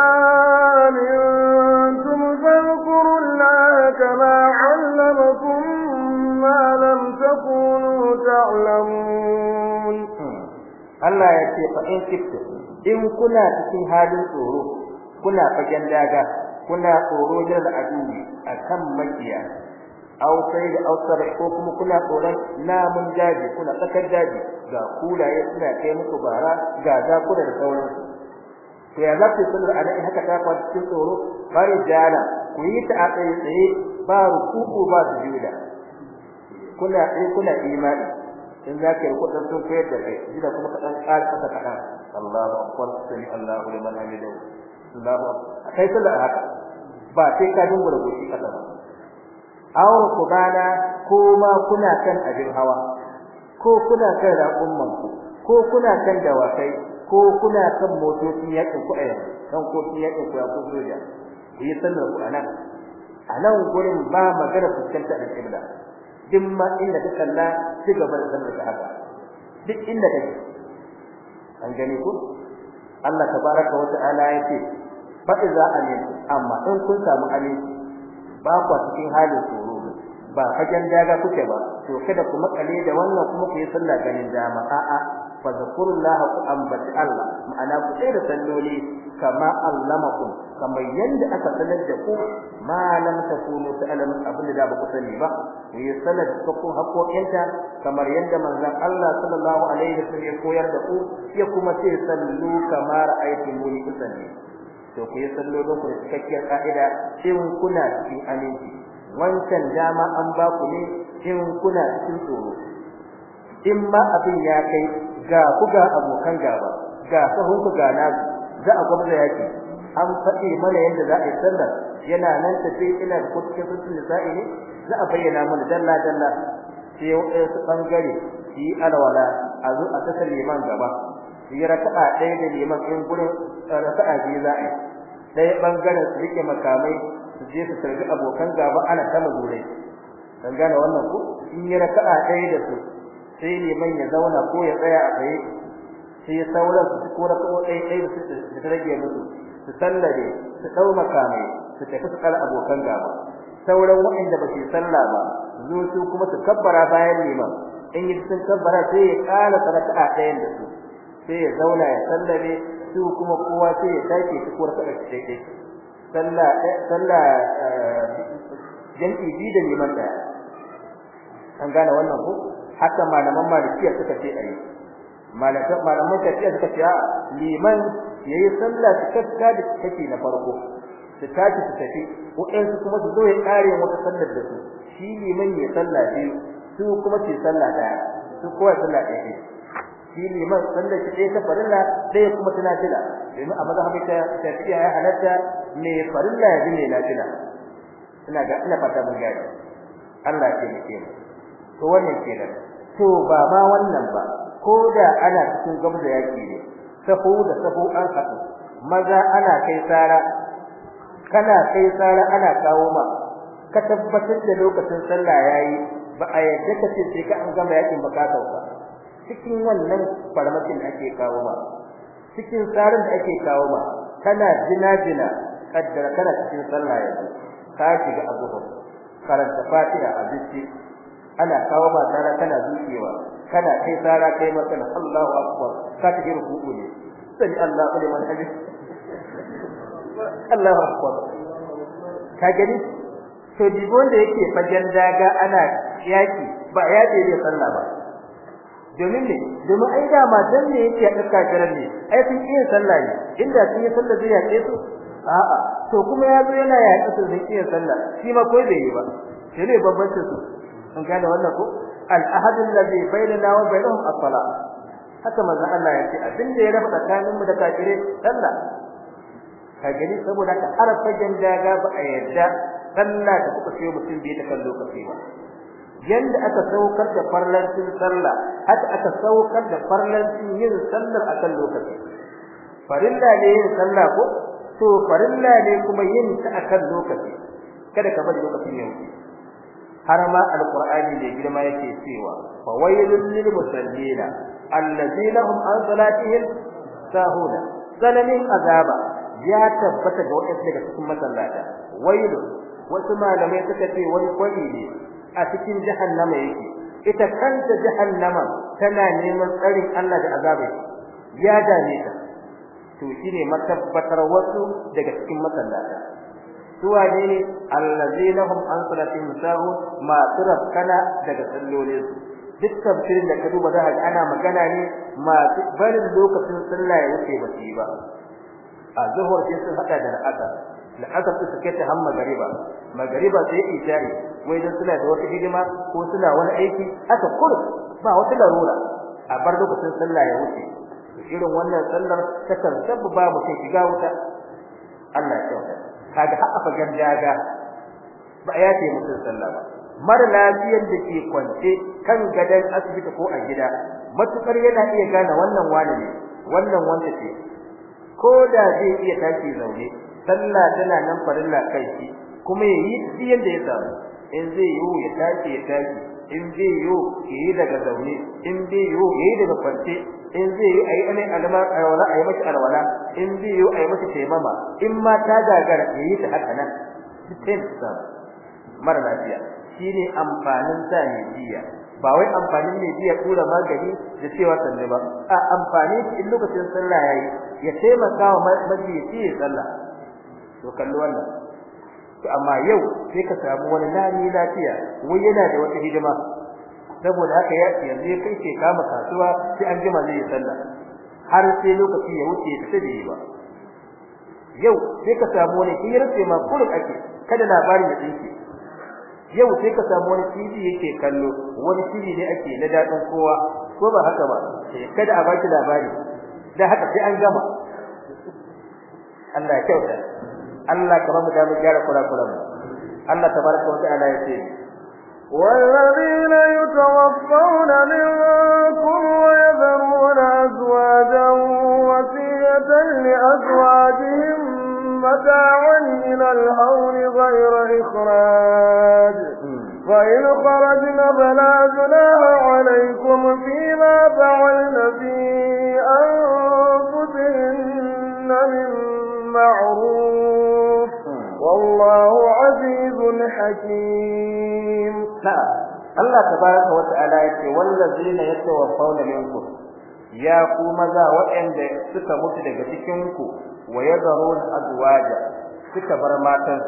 Speaker 2: أمنتم فوق الله كما علمكم ما لم
Speaker 1: تكونوا تعلمون Allah ya ce fa in kiftu in kuna cikin halin tsoro kuna fagen daga kuna tsoro da al'adu akan makiya aw sai da ausar ko kuma kuna tsoron namun daji kuna tsakar daji ga kulaye suna kai muku bara ga zakuna da sauransu to ya zaku kullu alai haka ta kwa cikin tsoro jala ku yi ta akai tsaye tsaye ba rukuku ba sujuda kuna eh kuna imani in zaka yi kudin sun kai da kai idan kuma ka dan kar ka kada Allahu akbar sami Allahu liman hamidu Allahu akai kai kullu haka ba sai ka dinga rubuci kada ba awar kubana ko ma kuna kan abin hawa ko kuna kan raƙumman ku ko kuna kan dawakai ko kuna kan motocin yakin ku a yau kan kotun yakin ku ya ku ku yi sallar ku anan anan gurin ba magana fuskanta da kibla duk ma inda ka kalla ci gaba da sanar ka haka duk inda kake an gani ku Allah tabaraka wa ta'ala yace fa iza amin amma in kun samu aminci ba ku cikin halin tsoro ba fagen daga kuke ba to kada ku makale da wannan kuma ku yi sallah ganin dama a'a fa zakurullaha ku ambaci Allah ma'ana ku sai da salloli kama allamakum kamar yanda aka sanar da ku ma lam takunu ta'lamun abinda da ba ku sani ba ku yi sanar da ku haƙoƙinta kamar yanda manzon Allah sallallahu alaihi wasallam ya koyar da ku ya kuma ce sallu kama ra'aytumuni usalli to ku yi sallolin ku da cikakkiyar ka'ida in kuna cikin aminci wancan dama an ba ku ne in kuna cikin tsoro in ma abin ya kai ga ku ga abokan gaba ga sahun ku ga na za a gwamza yaki an faɗi mana yadda za a yi sallar yana nan tafi ina da fitu da sai ne za a bayyana mana dalla dalla sai su bangare yi alwala a zo a saka liman gaba su yi raka'a ɗaya da liman in gurin raka'a ji za a yi ɗaya bangare su rike makamai su je su tarbi abokan gaba ana ta mazurai kan gane wannan ku in yi raka'a ɗaya da su sai mai ya zauna ko ya tsaya a tsaye sai sauran su ko ko ɗaya ɗaya su su rage musu su sallare su dau makamai su tafi su kara abokan gaba sauran waɗanda ba su sallah ba zo su kuma su kabbara bayan liman in yi sun kabbara sai ya ƙara a ɗayan da su sai ya zauna ya sallare su kuma kowa sai ya take su ko raka'a ɗaya salla sallah eh, jam'i biyu da liman da, an gane wannan ko hatta malaman malikiya suka ce ai malaman malaman malikiya suka ce liman yayi sallah cikakka da take na farko su tafi su tafi waɗansu kuma su zo ya kare wata sallar da su shi liman ya sallah shi su kuma ce sallah da su kuma sallah da shi liman sallar shi ɗaya ta farilla ɗaya kuma tana nafila domin a mazhabin ta tafiya ya halatta me farilla ya bi me nafila ina ga ina fata mun gani Allah ya ko mu to wannan kenan to ba ma wannan ba ko da ana cikin gaba yake yaki ne safu da safu an haɗu maza ana kai tsara kana kai tsara ana kawo ma ka tabbatar da lokacin sallah yayi ba a yadda ka ce sai ka an gama yakin ba ka sauka cikin wannan farmakin ake kawo ma cikin tsarin da ake kawo ma kana jina-jina kaddara kana cikin sallah yayi ka shiga azuhur karanta fatiha a bicci ana kawo ba tsara kana zuciyewa kana kai tsara kai matsala Allahu akbar ka ta irin kuku ne sani Allah liman hadis Allahu akbar ka gani to dibon da yake fagen daga ana yaki ba yaje ne sallah ba domin ne domin ai da ma dan ne yake aka karan ne ai sun iya sallah ne inda sun yi sallah zai yaƙe su a'a to kuma yazo yana yaki su zai iya sallah shi ma koi bai yi ba sai ne babban su An gane da wannan ko al ahadu alladhi bainana wa bainahum as-salah haka manzo Allah ya ce abin da ya raba tsakanin mu da kafire sallah ka gani saboda ka arafa daga ba a yadda sallah da kuka sayo mutum bai ta kan lokaci ba yanda aka saukar da farlancin sallah haka aka saukar da farlancin yin sallar akan lokaci farilla ne yin sallah ko to farilla ne kuma yin ta akan lokaci kada ka bari lokacin ya har ma alqur'ani mai girma yake cewa fa waylul lil musallina allazina hum an salatihim sahuna zalamin azaba ya tabbata ga wadansu daga cikin masallata waylun wasu malamai suka ce wani kwari ne a cikin jahannama yake ita kanta jahannama tana neman tsarin Allah da azaba ya dame ta to shine matabbatar wasu daga cikin masallata su wane ne allazina an salatihim sahun masu rafkana daga sallolin su duk tafsirin da ka duba za ka ana magana ne masu barin lokacin sallah ya wuce ba ba a zuhur sai sun hada da al'asar al'asar su suke ta hamma gariba magariba sai isha'i wai dan suna da wata hidima ko suna wani aiki aka kurk ba wata larura a bar lokacin sallah ya wuce irin wannan sallar takan sabba ba mu shiga wuta Allah ya kyauta kaga haka a fagen daga ba ya ce mutum sallama mar mara lafiyar da ke kwance kan gadon asibiti ko a gida matukar yana iya gane wannan wani ne wannan wanda ce ko da zai iya tashi zaune sallah tana nan farilla kai shi kuma yayi diyan da ya samu in zai yi ya tashi ya tashi in zai yi yi daga zaune in zai yi yi daga kwance in zai yi ayi ne alama alwala ayi miki alwala in zai yi ayi taimama in ma ta gagara yayi ta haka nan cikin sa mara lafiya shine amfanin sa ne jiya. ba wai amfanin ne jiya kura magani da cewa sanne ba a amfani in lokacin sallah yayi ya taimaka wa mabbi ya sallah to kallo wannan to amma yau sai ka samu wani lani lafiya wai yana da wata hidima saboda haka ya yanzu kai ke kama kasuwa sai an jima zai sallah har sai lokaci ya wuce ta da ba yau sai ka samu wani hirar rufe ma kullum ake kada labarin ya dinki yau sai ka samu wani TV yake kallo wani TV ne ake na dadin kowa ko ba haka ba sai kada a baki labari dan haka sai an gama Allah ya kyauta Allah mu da mu gyara kura kura Allah tabaraka wa ta'ala ya ce
Speaker 2: والذين يتوفون منكم ويذرون أزواجا وسية لأزواجهم متاعا إلى الهول غير إخراج فإن خرجنا فلا جناح عليكم فيما فعلن في أنفسهن من معروف والله حكيم نعم
Speaker 1: الله تبارك وتعالى يقول والذين يتوفون منكم Ya kuma za waɗanda suka mutu daga cikin ku wayadharun azwaja suka bar matan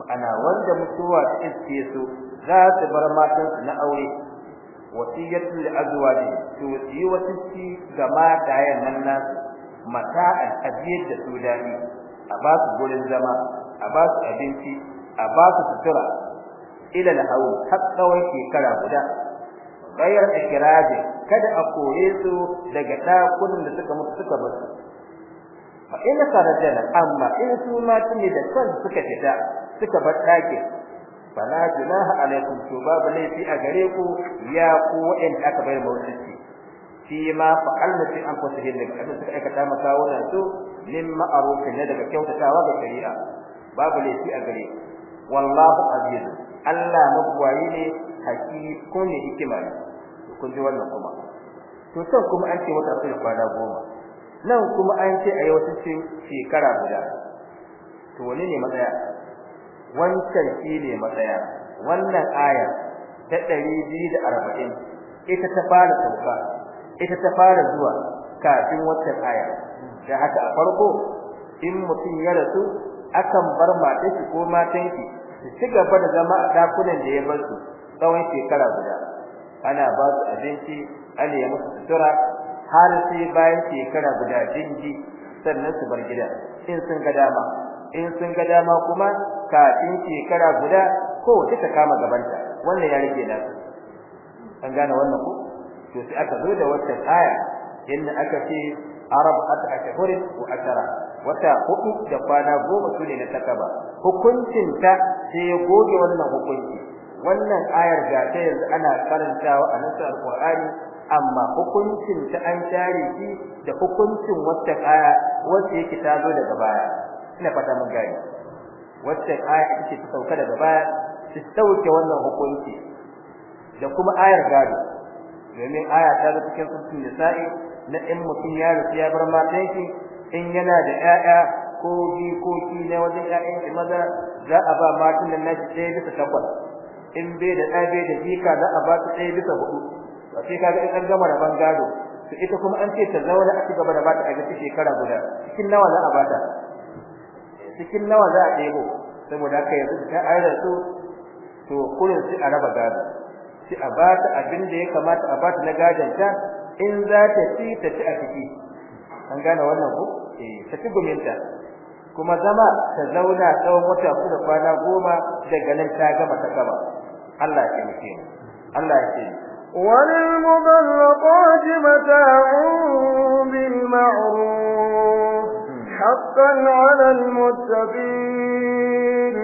Speaker 1: ma'ana wanda mutuwa take su za su bar matan na aure wasiyatul azwaji to yi wasiyyi ga matayen nan nasu mata'an ajiyar da su daɗi, a ba su gurin zama a ba su abinci a ba su sutura ila al har tsawon shekara guda bayar ikiraji kada a kore su daga dakunan da suka mutu suka bar fa in sarajana amma in su ma tuni da kan suka fita suka bar dakin fala junaha alaikum to babu laifi a gare ku ya ku wa'in aka bai mawuci shi ma an fi anfusihim daga abin suka aikata maka wannan su mimma arufi ne daga kyautatawa ga shari'a babu laifi a gare ku wallahu aziz Allah magwayi ne hakiki ko ne hikima ne kun ji wannan kuma to sai kuma an ce wata sai kwana goma nan kuma an ce a yau sai shekara guda to wani ne matsaya wancan shi ne matsaya wannan aya ta 240 ita ta fara sauka ita ta fara zuwa kafin wancan aya da haka a farko in mutun ya rasu akan bar mata shi ko matan ki su ci gaba da zama a dakunan da ya bar su tsawon shekara guda ana ba su abinci ana yi musu sutura har sai bayan shekara guda dinji sannan su bar gida in sun ga dama in sun ga dama kuma kafin shekara guda ko ta kama gabanta wannan ya rike da an gane wannan ko to sai aka zo da wata aya inda aka ce arab at ashhurin wa ashara wata hudu da kwana goma sune na takaba hukuncin ta sai ya goge wannan hukunci wannan ayar ga ta yanzu ana karantawa a nasar alqur'ani amma hukuncin ta an tare shi da hukuncin wata aya wacce yake ta zo daga baya ina fata mun gani wata aya ta sauka daga baya ta sauke wannan hukunci da kuma ayar gado domin aya ta zo cikin sunan nasa'i na in mutum ya rufe ya bar matan in yana da 'ya'ya ko jikoki na wajen ƴaƴan shi maza za a ba matan nan nashi ɗaya bisa takwas in bai da ɗa bai da jika za a ba su ɗaya bisa hudu ba sai kaga in an gama da bangado to ita kuma an ce ta zauna a cigaba da bata a gaba shekara guda cikin nawa za a bata cikin nawa za a ɗebo saboda haka yanzu ta aure su to kurin sai a raba gado sai a bata abin da ya kamata a bata na gadon ta in za ta ci ta ci a ciki an gane wannan ko eh ta tuguminta kuma zama ta zauna tsawon wata uku da kwana goma daga nan ta gama ta gaba Allah ya taimake mu Allah ya ce
Speaker 2: وللمبرقات متاع بالمعروف حقا على المتقين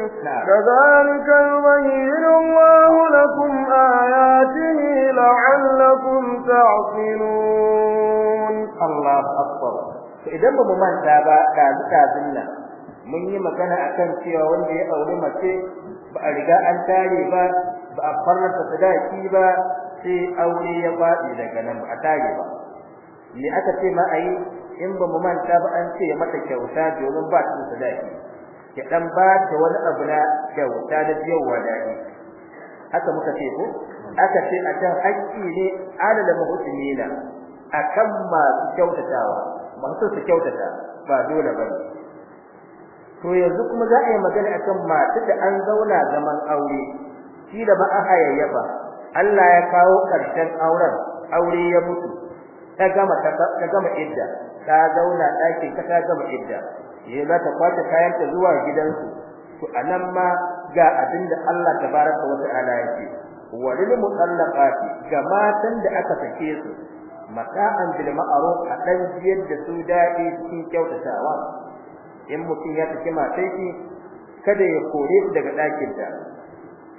Speaker 2: كذلك يبين الله لكم آياته لعلكم
Speaker 1: تعقلون الله أكبر idan ba mu manta ba dazu dazun nan mun yi magana akan cewa wanda ya aure mace ba a riga an tare ba ba a farrata sadaki ba sai aure ya faɗi daga nan ba a tare ba me aka ce ma ai in ba mu manta ba an ce mata kyauta domin ba ta sadaki ya dan ba ta wani abu na kyauta da da ni haka muka ce ko aka ce a can hakki ne adala muhsinina akan masu kyautatawa masu su kyautata ba dole bane to yanzu kuma za a yi magana akan mata da an zauna zaman aure shi da ba a hayayyafa Allah ya kawo karshen auren aure ya mutu ta gama ta gama idda ta zauna ɗakin ta ta gama idda yayin za ta kwace kayan ta zuwa gidansu to anan ma ga abinda Allah tabaraka wa ta'ala yake wa lil mutallaqati ga matan da aka sake su mata'an bil ma'ruf a dan jiyar da su dadi cikin kyautatawa in mutum ya tafi ma sai kada ya kore su daga dakin da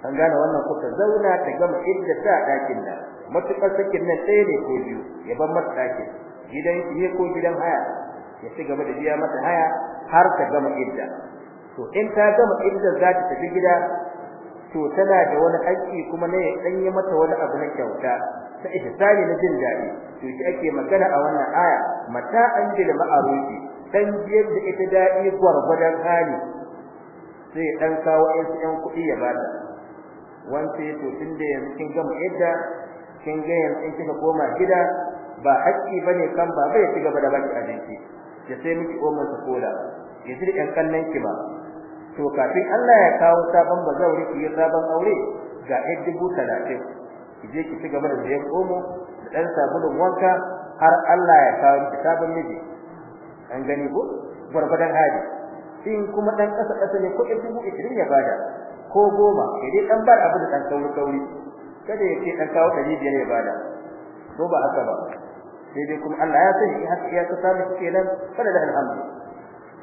Speaker 1: an gane wannan kuka zauna ta gama idda ta dakin da mutukar sakin nan ɗaya ne ko biyu ya bar mata dakin gidan ne ko gidan haya ya ci gaba da biya mata haya har ta gama idda to in ta gama idda za ta tafi gida to tana da wani hakki kuma ne ya danye mata wani abu na kyauta ta ihsani na jin daɗi to shi ake magana a wannan aya mata an ji da ma'aruki dan jiyar da ita daɗi gurgudan hali sai dan kawo su ɗan kuɗi ya bada wanda yato da yanzu kin gama idda kin ga yanzu in kika koma gida ba haƙƙi bane kan ba bai ya cigaba da baki abinci ya sai miki omar ta kola ya ji ɗan kallon ki ba to kafin Allah ya kawo sabon bazauri ki sabon aure ga dubu talatin ki je ki ci gaba da zai komo da dan sabulun wanka har Allah ya kawo ki sabon miji an gani ko gurbadan Haji. in kuma dan kasa kasa ne ko dubu 20 ya bada ko goma sai dai dan bar abu da dan sauri sauri kada ya ce dan kawo 500 ya bada ko ba haka ba sai dai kuma Allah ya sani ya haka ya ka samu kenan kada da alhamdu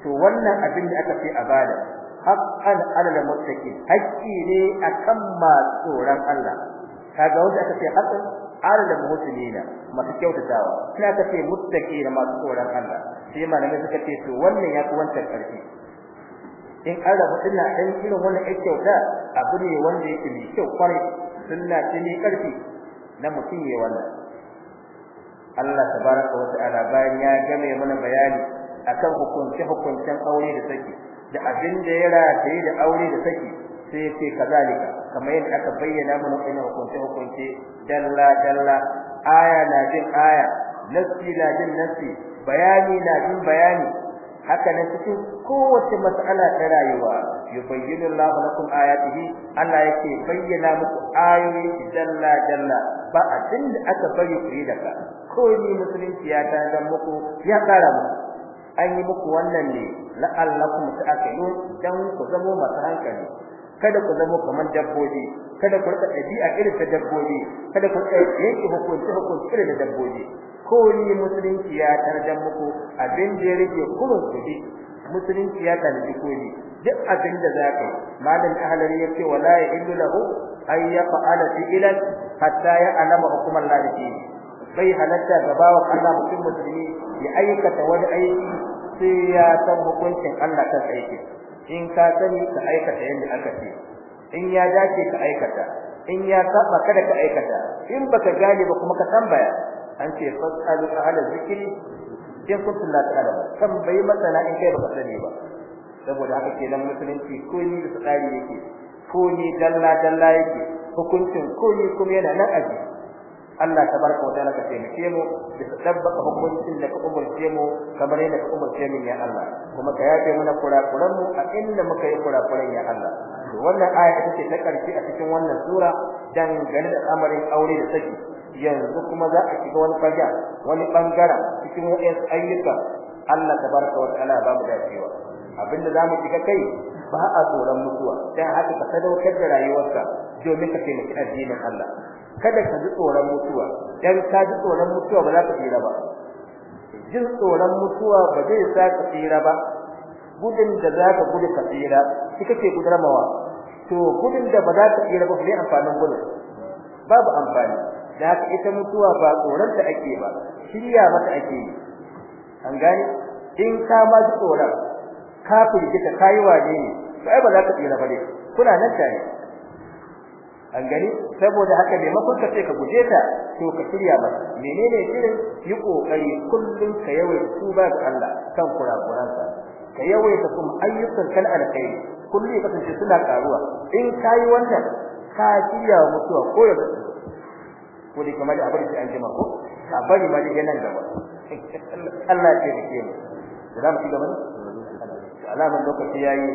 Speaker 1: to wannan abin da aka ce a bada haqqan alal muttaqin haƙƙi ne akan ma tsoran Allah kaga wanda aka ce hasan alal muhsinina masu kyautatawa ina aka ce da masu tsoron Allah sai malamai suka ce to wannan ya fi wancan karfi in an rabu ina dan irin wannan ai kyauta abu ne wanda yake mai kyau kwarai sunna ce ne karfi na mutum ya wannan Allah tabaraka wa ta'ala bayan ya game mana bayani akan hukunce hukuncen aure da saki da abin da ya rataye da aure da saki sai yace kazalika kamar yadda aka bayyana mana wannan hukunce hukunce dalla dalla aya na jin aya nasi na jin nasi bayani na jin bayani haka ne cikin kowace mas'ala ta rayuwa yubayyinu Allahu lakum ayatihi Allah yake bayyana muku ayoyi dalla dalla ba abin da aka bari ku yi daga ko ni musulunci ya ta muku ya kara muku an yi muku wannan ne la'allakum ta'qilun dan ku zamo masu hankali kada ku zama kamar dabbobi kada ku rika dabi'a irin ta dabbobi kada ku yanke hukunci hukunci irin da dabbobi ko ni musulunci ya tarjan muku abin da yake kuma ku bi musulunci ya tarji ko ni duk abin da zaka malam ahlari yace wala ya illu lahu ay yaqala fi'lan hatta ya alama hukuman lahi bai halatta gaba wa Allah mutum musulmi ya aikata wani aiki sai ya san hukuncin Allah kan aiki in ka sani ka aikata yadda aka ce in ya dace ka aikata in ya saba kada ka aikata in baka gane ba kuma ka tambaya an ce fasalu ala zikri in kuntu la ta'lamun tambayi masana in kai baka sani ba saboda haka kenan musulunci ko ni da tsari yake ko ni dalla dalla yake hukuncin ko ni kuma yana nan aji Allah tabaraka wa ta'ala ka taimake mu da tabbaka hukuncin da ka umurce mu kamar yadda ka umurce mu ya Allah kuma ka yafe mana kurakuran mu a inda muka yi kurakuran ya Allah to wannan aya ita ce ta karshe a cikin wannan sura dan gane da amarin aure da saki yanzu kuma za a shiga wani fage wani bangara cikin wasu ayyuka Allah tabaraka wa ta'ala ba mu dacewa abinda zamu shiga kai ba a tsoron mutuwa dan haka ka sadaukar da rayuwarka domin ka taimaki addinin Allah kada ka ji tsoron mutuwa dan ka ji tsoron mutuwa ba za ka tsira ba jin tsoron mutuwa ba zai sa ka tsira ba gudun da za ka gudu ka tsira shi kake gudarmawa to gudun da ba za ka tsira ba bai amfanin gudu. babu amfani da haka ita mutuwa ba tsoron ta ake ba shirya mata ake yi an gani in ka ma ji tsoron ka firgita kayi wane ne to ai ba za ka tsira ba ne kuna nan tare an gani saboda haka ne makon ka ce ka guje ta to ka shirya ba menene shirin yi kokari kullun ka yawaita tuba ga Allah kan kurakuranka ka yawaita kuma ayyukan kal alkhairi kullu ya kasance suna karuwa in kai wannan ka shirya mutuwa ko da ko dai kamar abin da an jima ko ka bari ma dai nan gaba Allah ya rike mu da mu ci gaba ne alaman lokaci yayi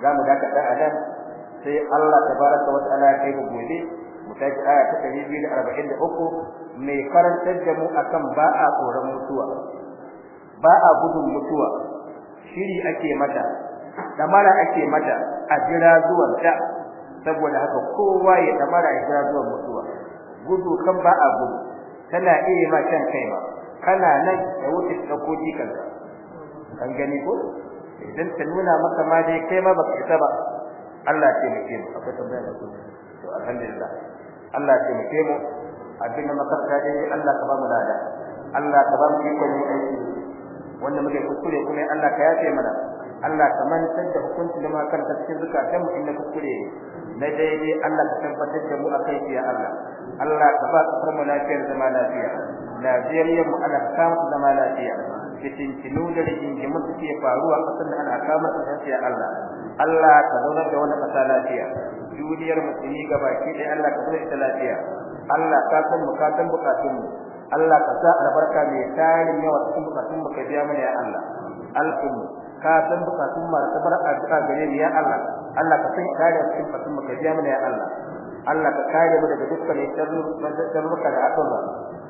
Speaker 1: zamu daka da adam sai Allah tabaraka wa wata ya kai yi gobe mu tafi aya ta 243 mai karantar da mu akan ba a tsoron mutuwa ba a gudun mutuwa shiri ake mata damara ake mata a jira zuwan ta saboda haka kowa ya damara ya jira zuwan mutuwa gudu kan ba a gudu tana iya ma kan kai ba kana nan da wuce ka koji kanka kan gani ko idan ta nuna maka ma dai kai ma baka ba Allah ya taimake mu akwai tambaya da kuma to alhamdulillah Allah ya taimake mu abin da muka tsaya dai Allah ka ba mu lada Allah ka ba mu iko ne aiki wanda muke kuskure kuma Allah ka yafe mana Allah ka mantar da hukunci da ma kan cikin zakatan mu inda kuskure na daidai Allah ka tabbatar da mu akai ya Allah Allah ka ba ka farmu lafiyar zama lafiya lafiyar mu ana ka samu zama lafiya fitintinu da rigingimin da suke faruwa kasan da ana kama tsayanciyar Allah Allah ka zaunar da wani ƙasa lafiya duniyar musulmi gabaki ɗaya Allah ka zaunar ita lafiya Allah ka san bukatun bukatun mu Allah ka sa albarka mai tarin yawa cikin bukatun mu ka biya mana ya Allah mu ka san bukatun mu ka bar addu'a gare ni ya Allah Allah ka san kare cikin bukatun mu ka biya mana ya Allah Allah ka kare mu daga dukkan sharri da sharruka da aka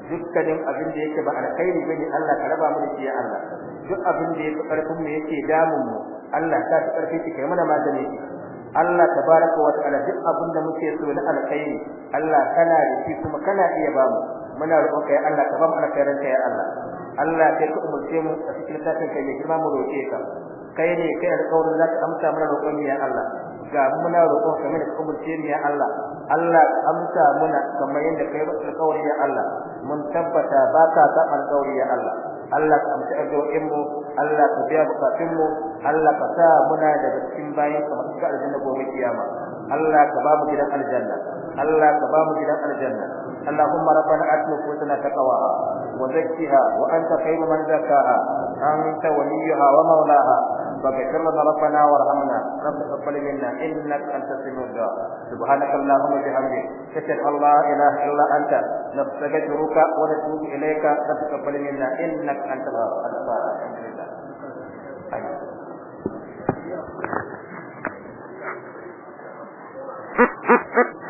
Speaker 1: dukkanin abin da yake ba alkhairi bane Allah ka raba mu da shi ya Allah duk abin da yake karfin mu yake damun mu Allah ka ta karfi ki kai mana magani Allah tabaraka wa ta'ala duk abin da muke so na alkhairi Allah kana da shi kuma kana iya ba mu muna roƙon kai Allah ka ba mu alkhairin ka ya Allah Allah kai ka umurce mu a cikin tafin kai girma mu roƙe ka kai ne kai alƙawarin zaka amsa mana roƙon ya Allah ga muna roƙon kamar da kumurce ne ya Allah Allah amsa muna kamar yadda kai roƙon kawai ya Allah mun tabbata ba ka san alƙawari ya Allah Allah ka amsa addu'o'in mu Allah ka biya bukatun mu Allah ka sa muna da cikin bayan kamar ka aljanna gobe kiyama Allah ka ba mu gidan aljanna Allah ka ba mu gidan aljanna اللهم ربنا آتنا نفوسنا تقواها وزكها وأنت خير من زكاها أنت وليها ومولاها فاغفر ربنا وارحمنا رب تقبل منا انك انت السميع الدعاء سبحانك اللهم وبحمدك اشهد ان لا اله الا انت نستغفرك ونتوب اليك رب تقبل منا انك انت الغفور الحمد لله
Speaker 2: ha ha!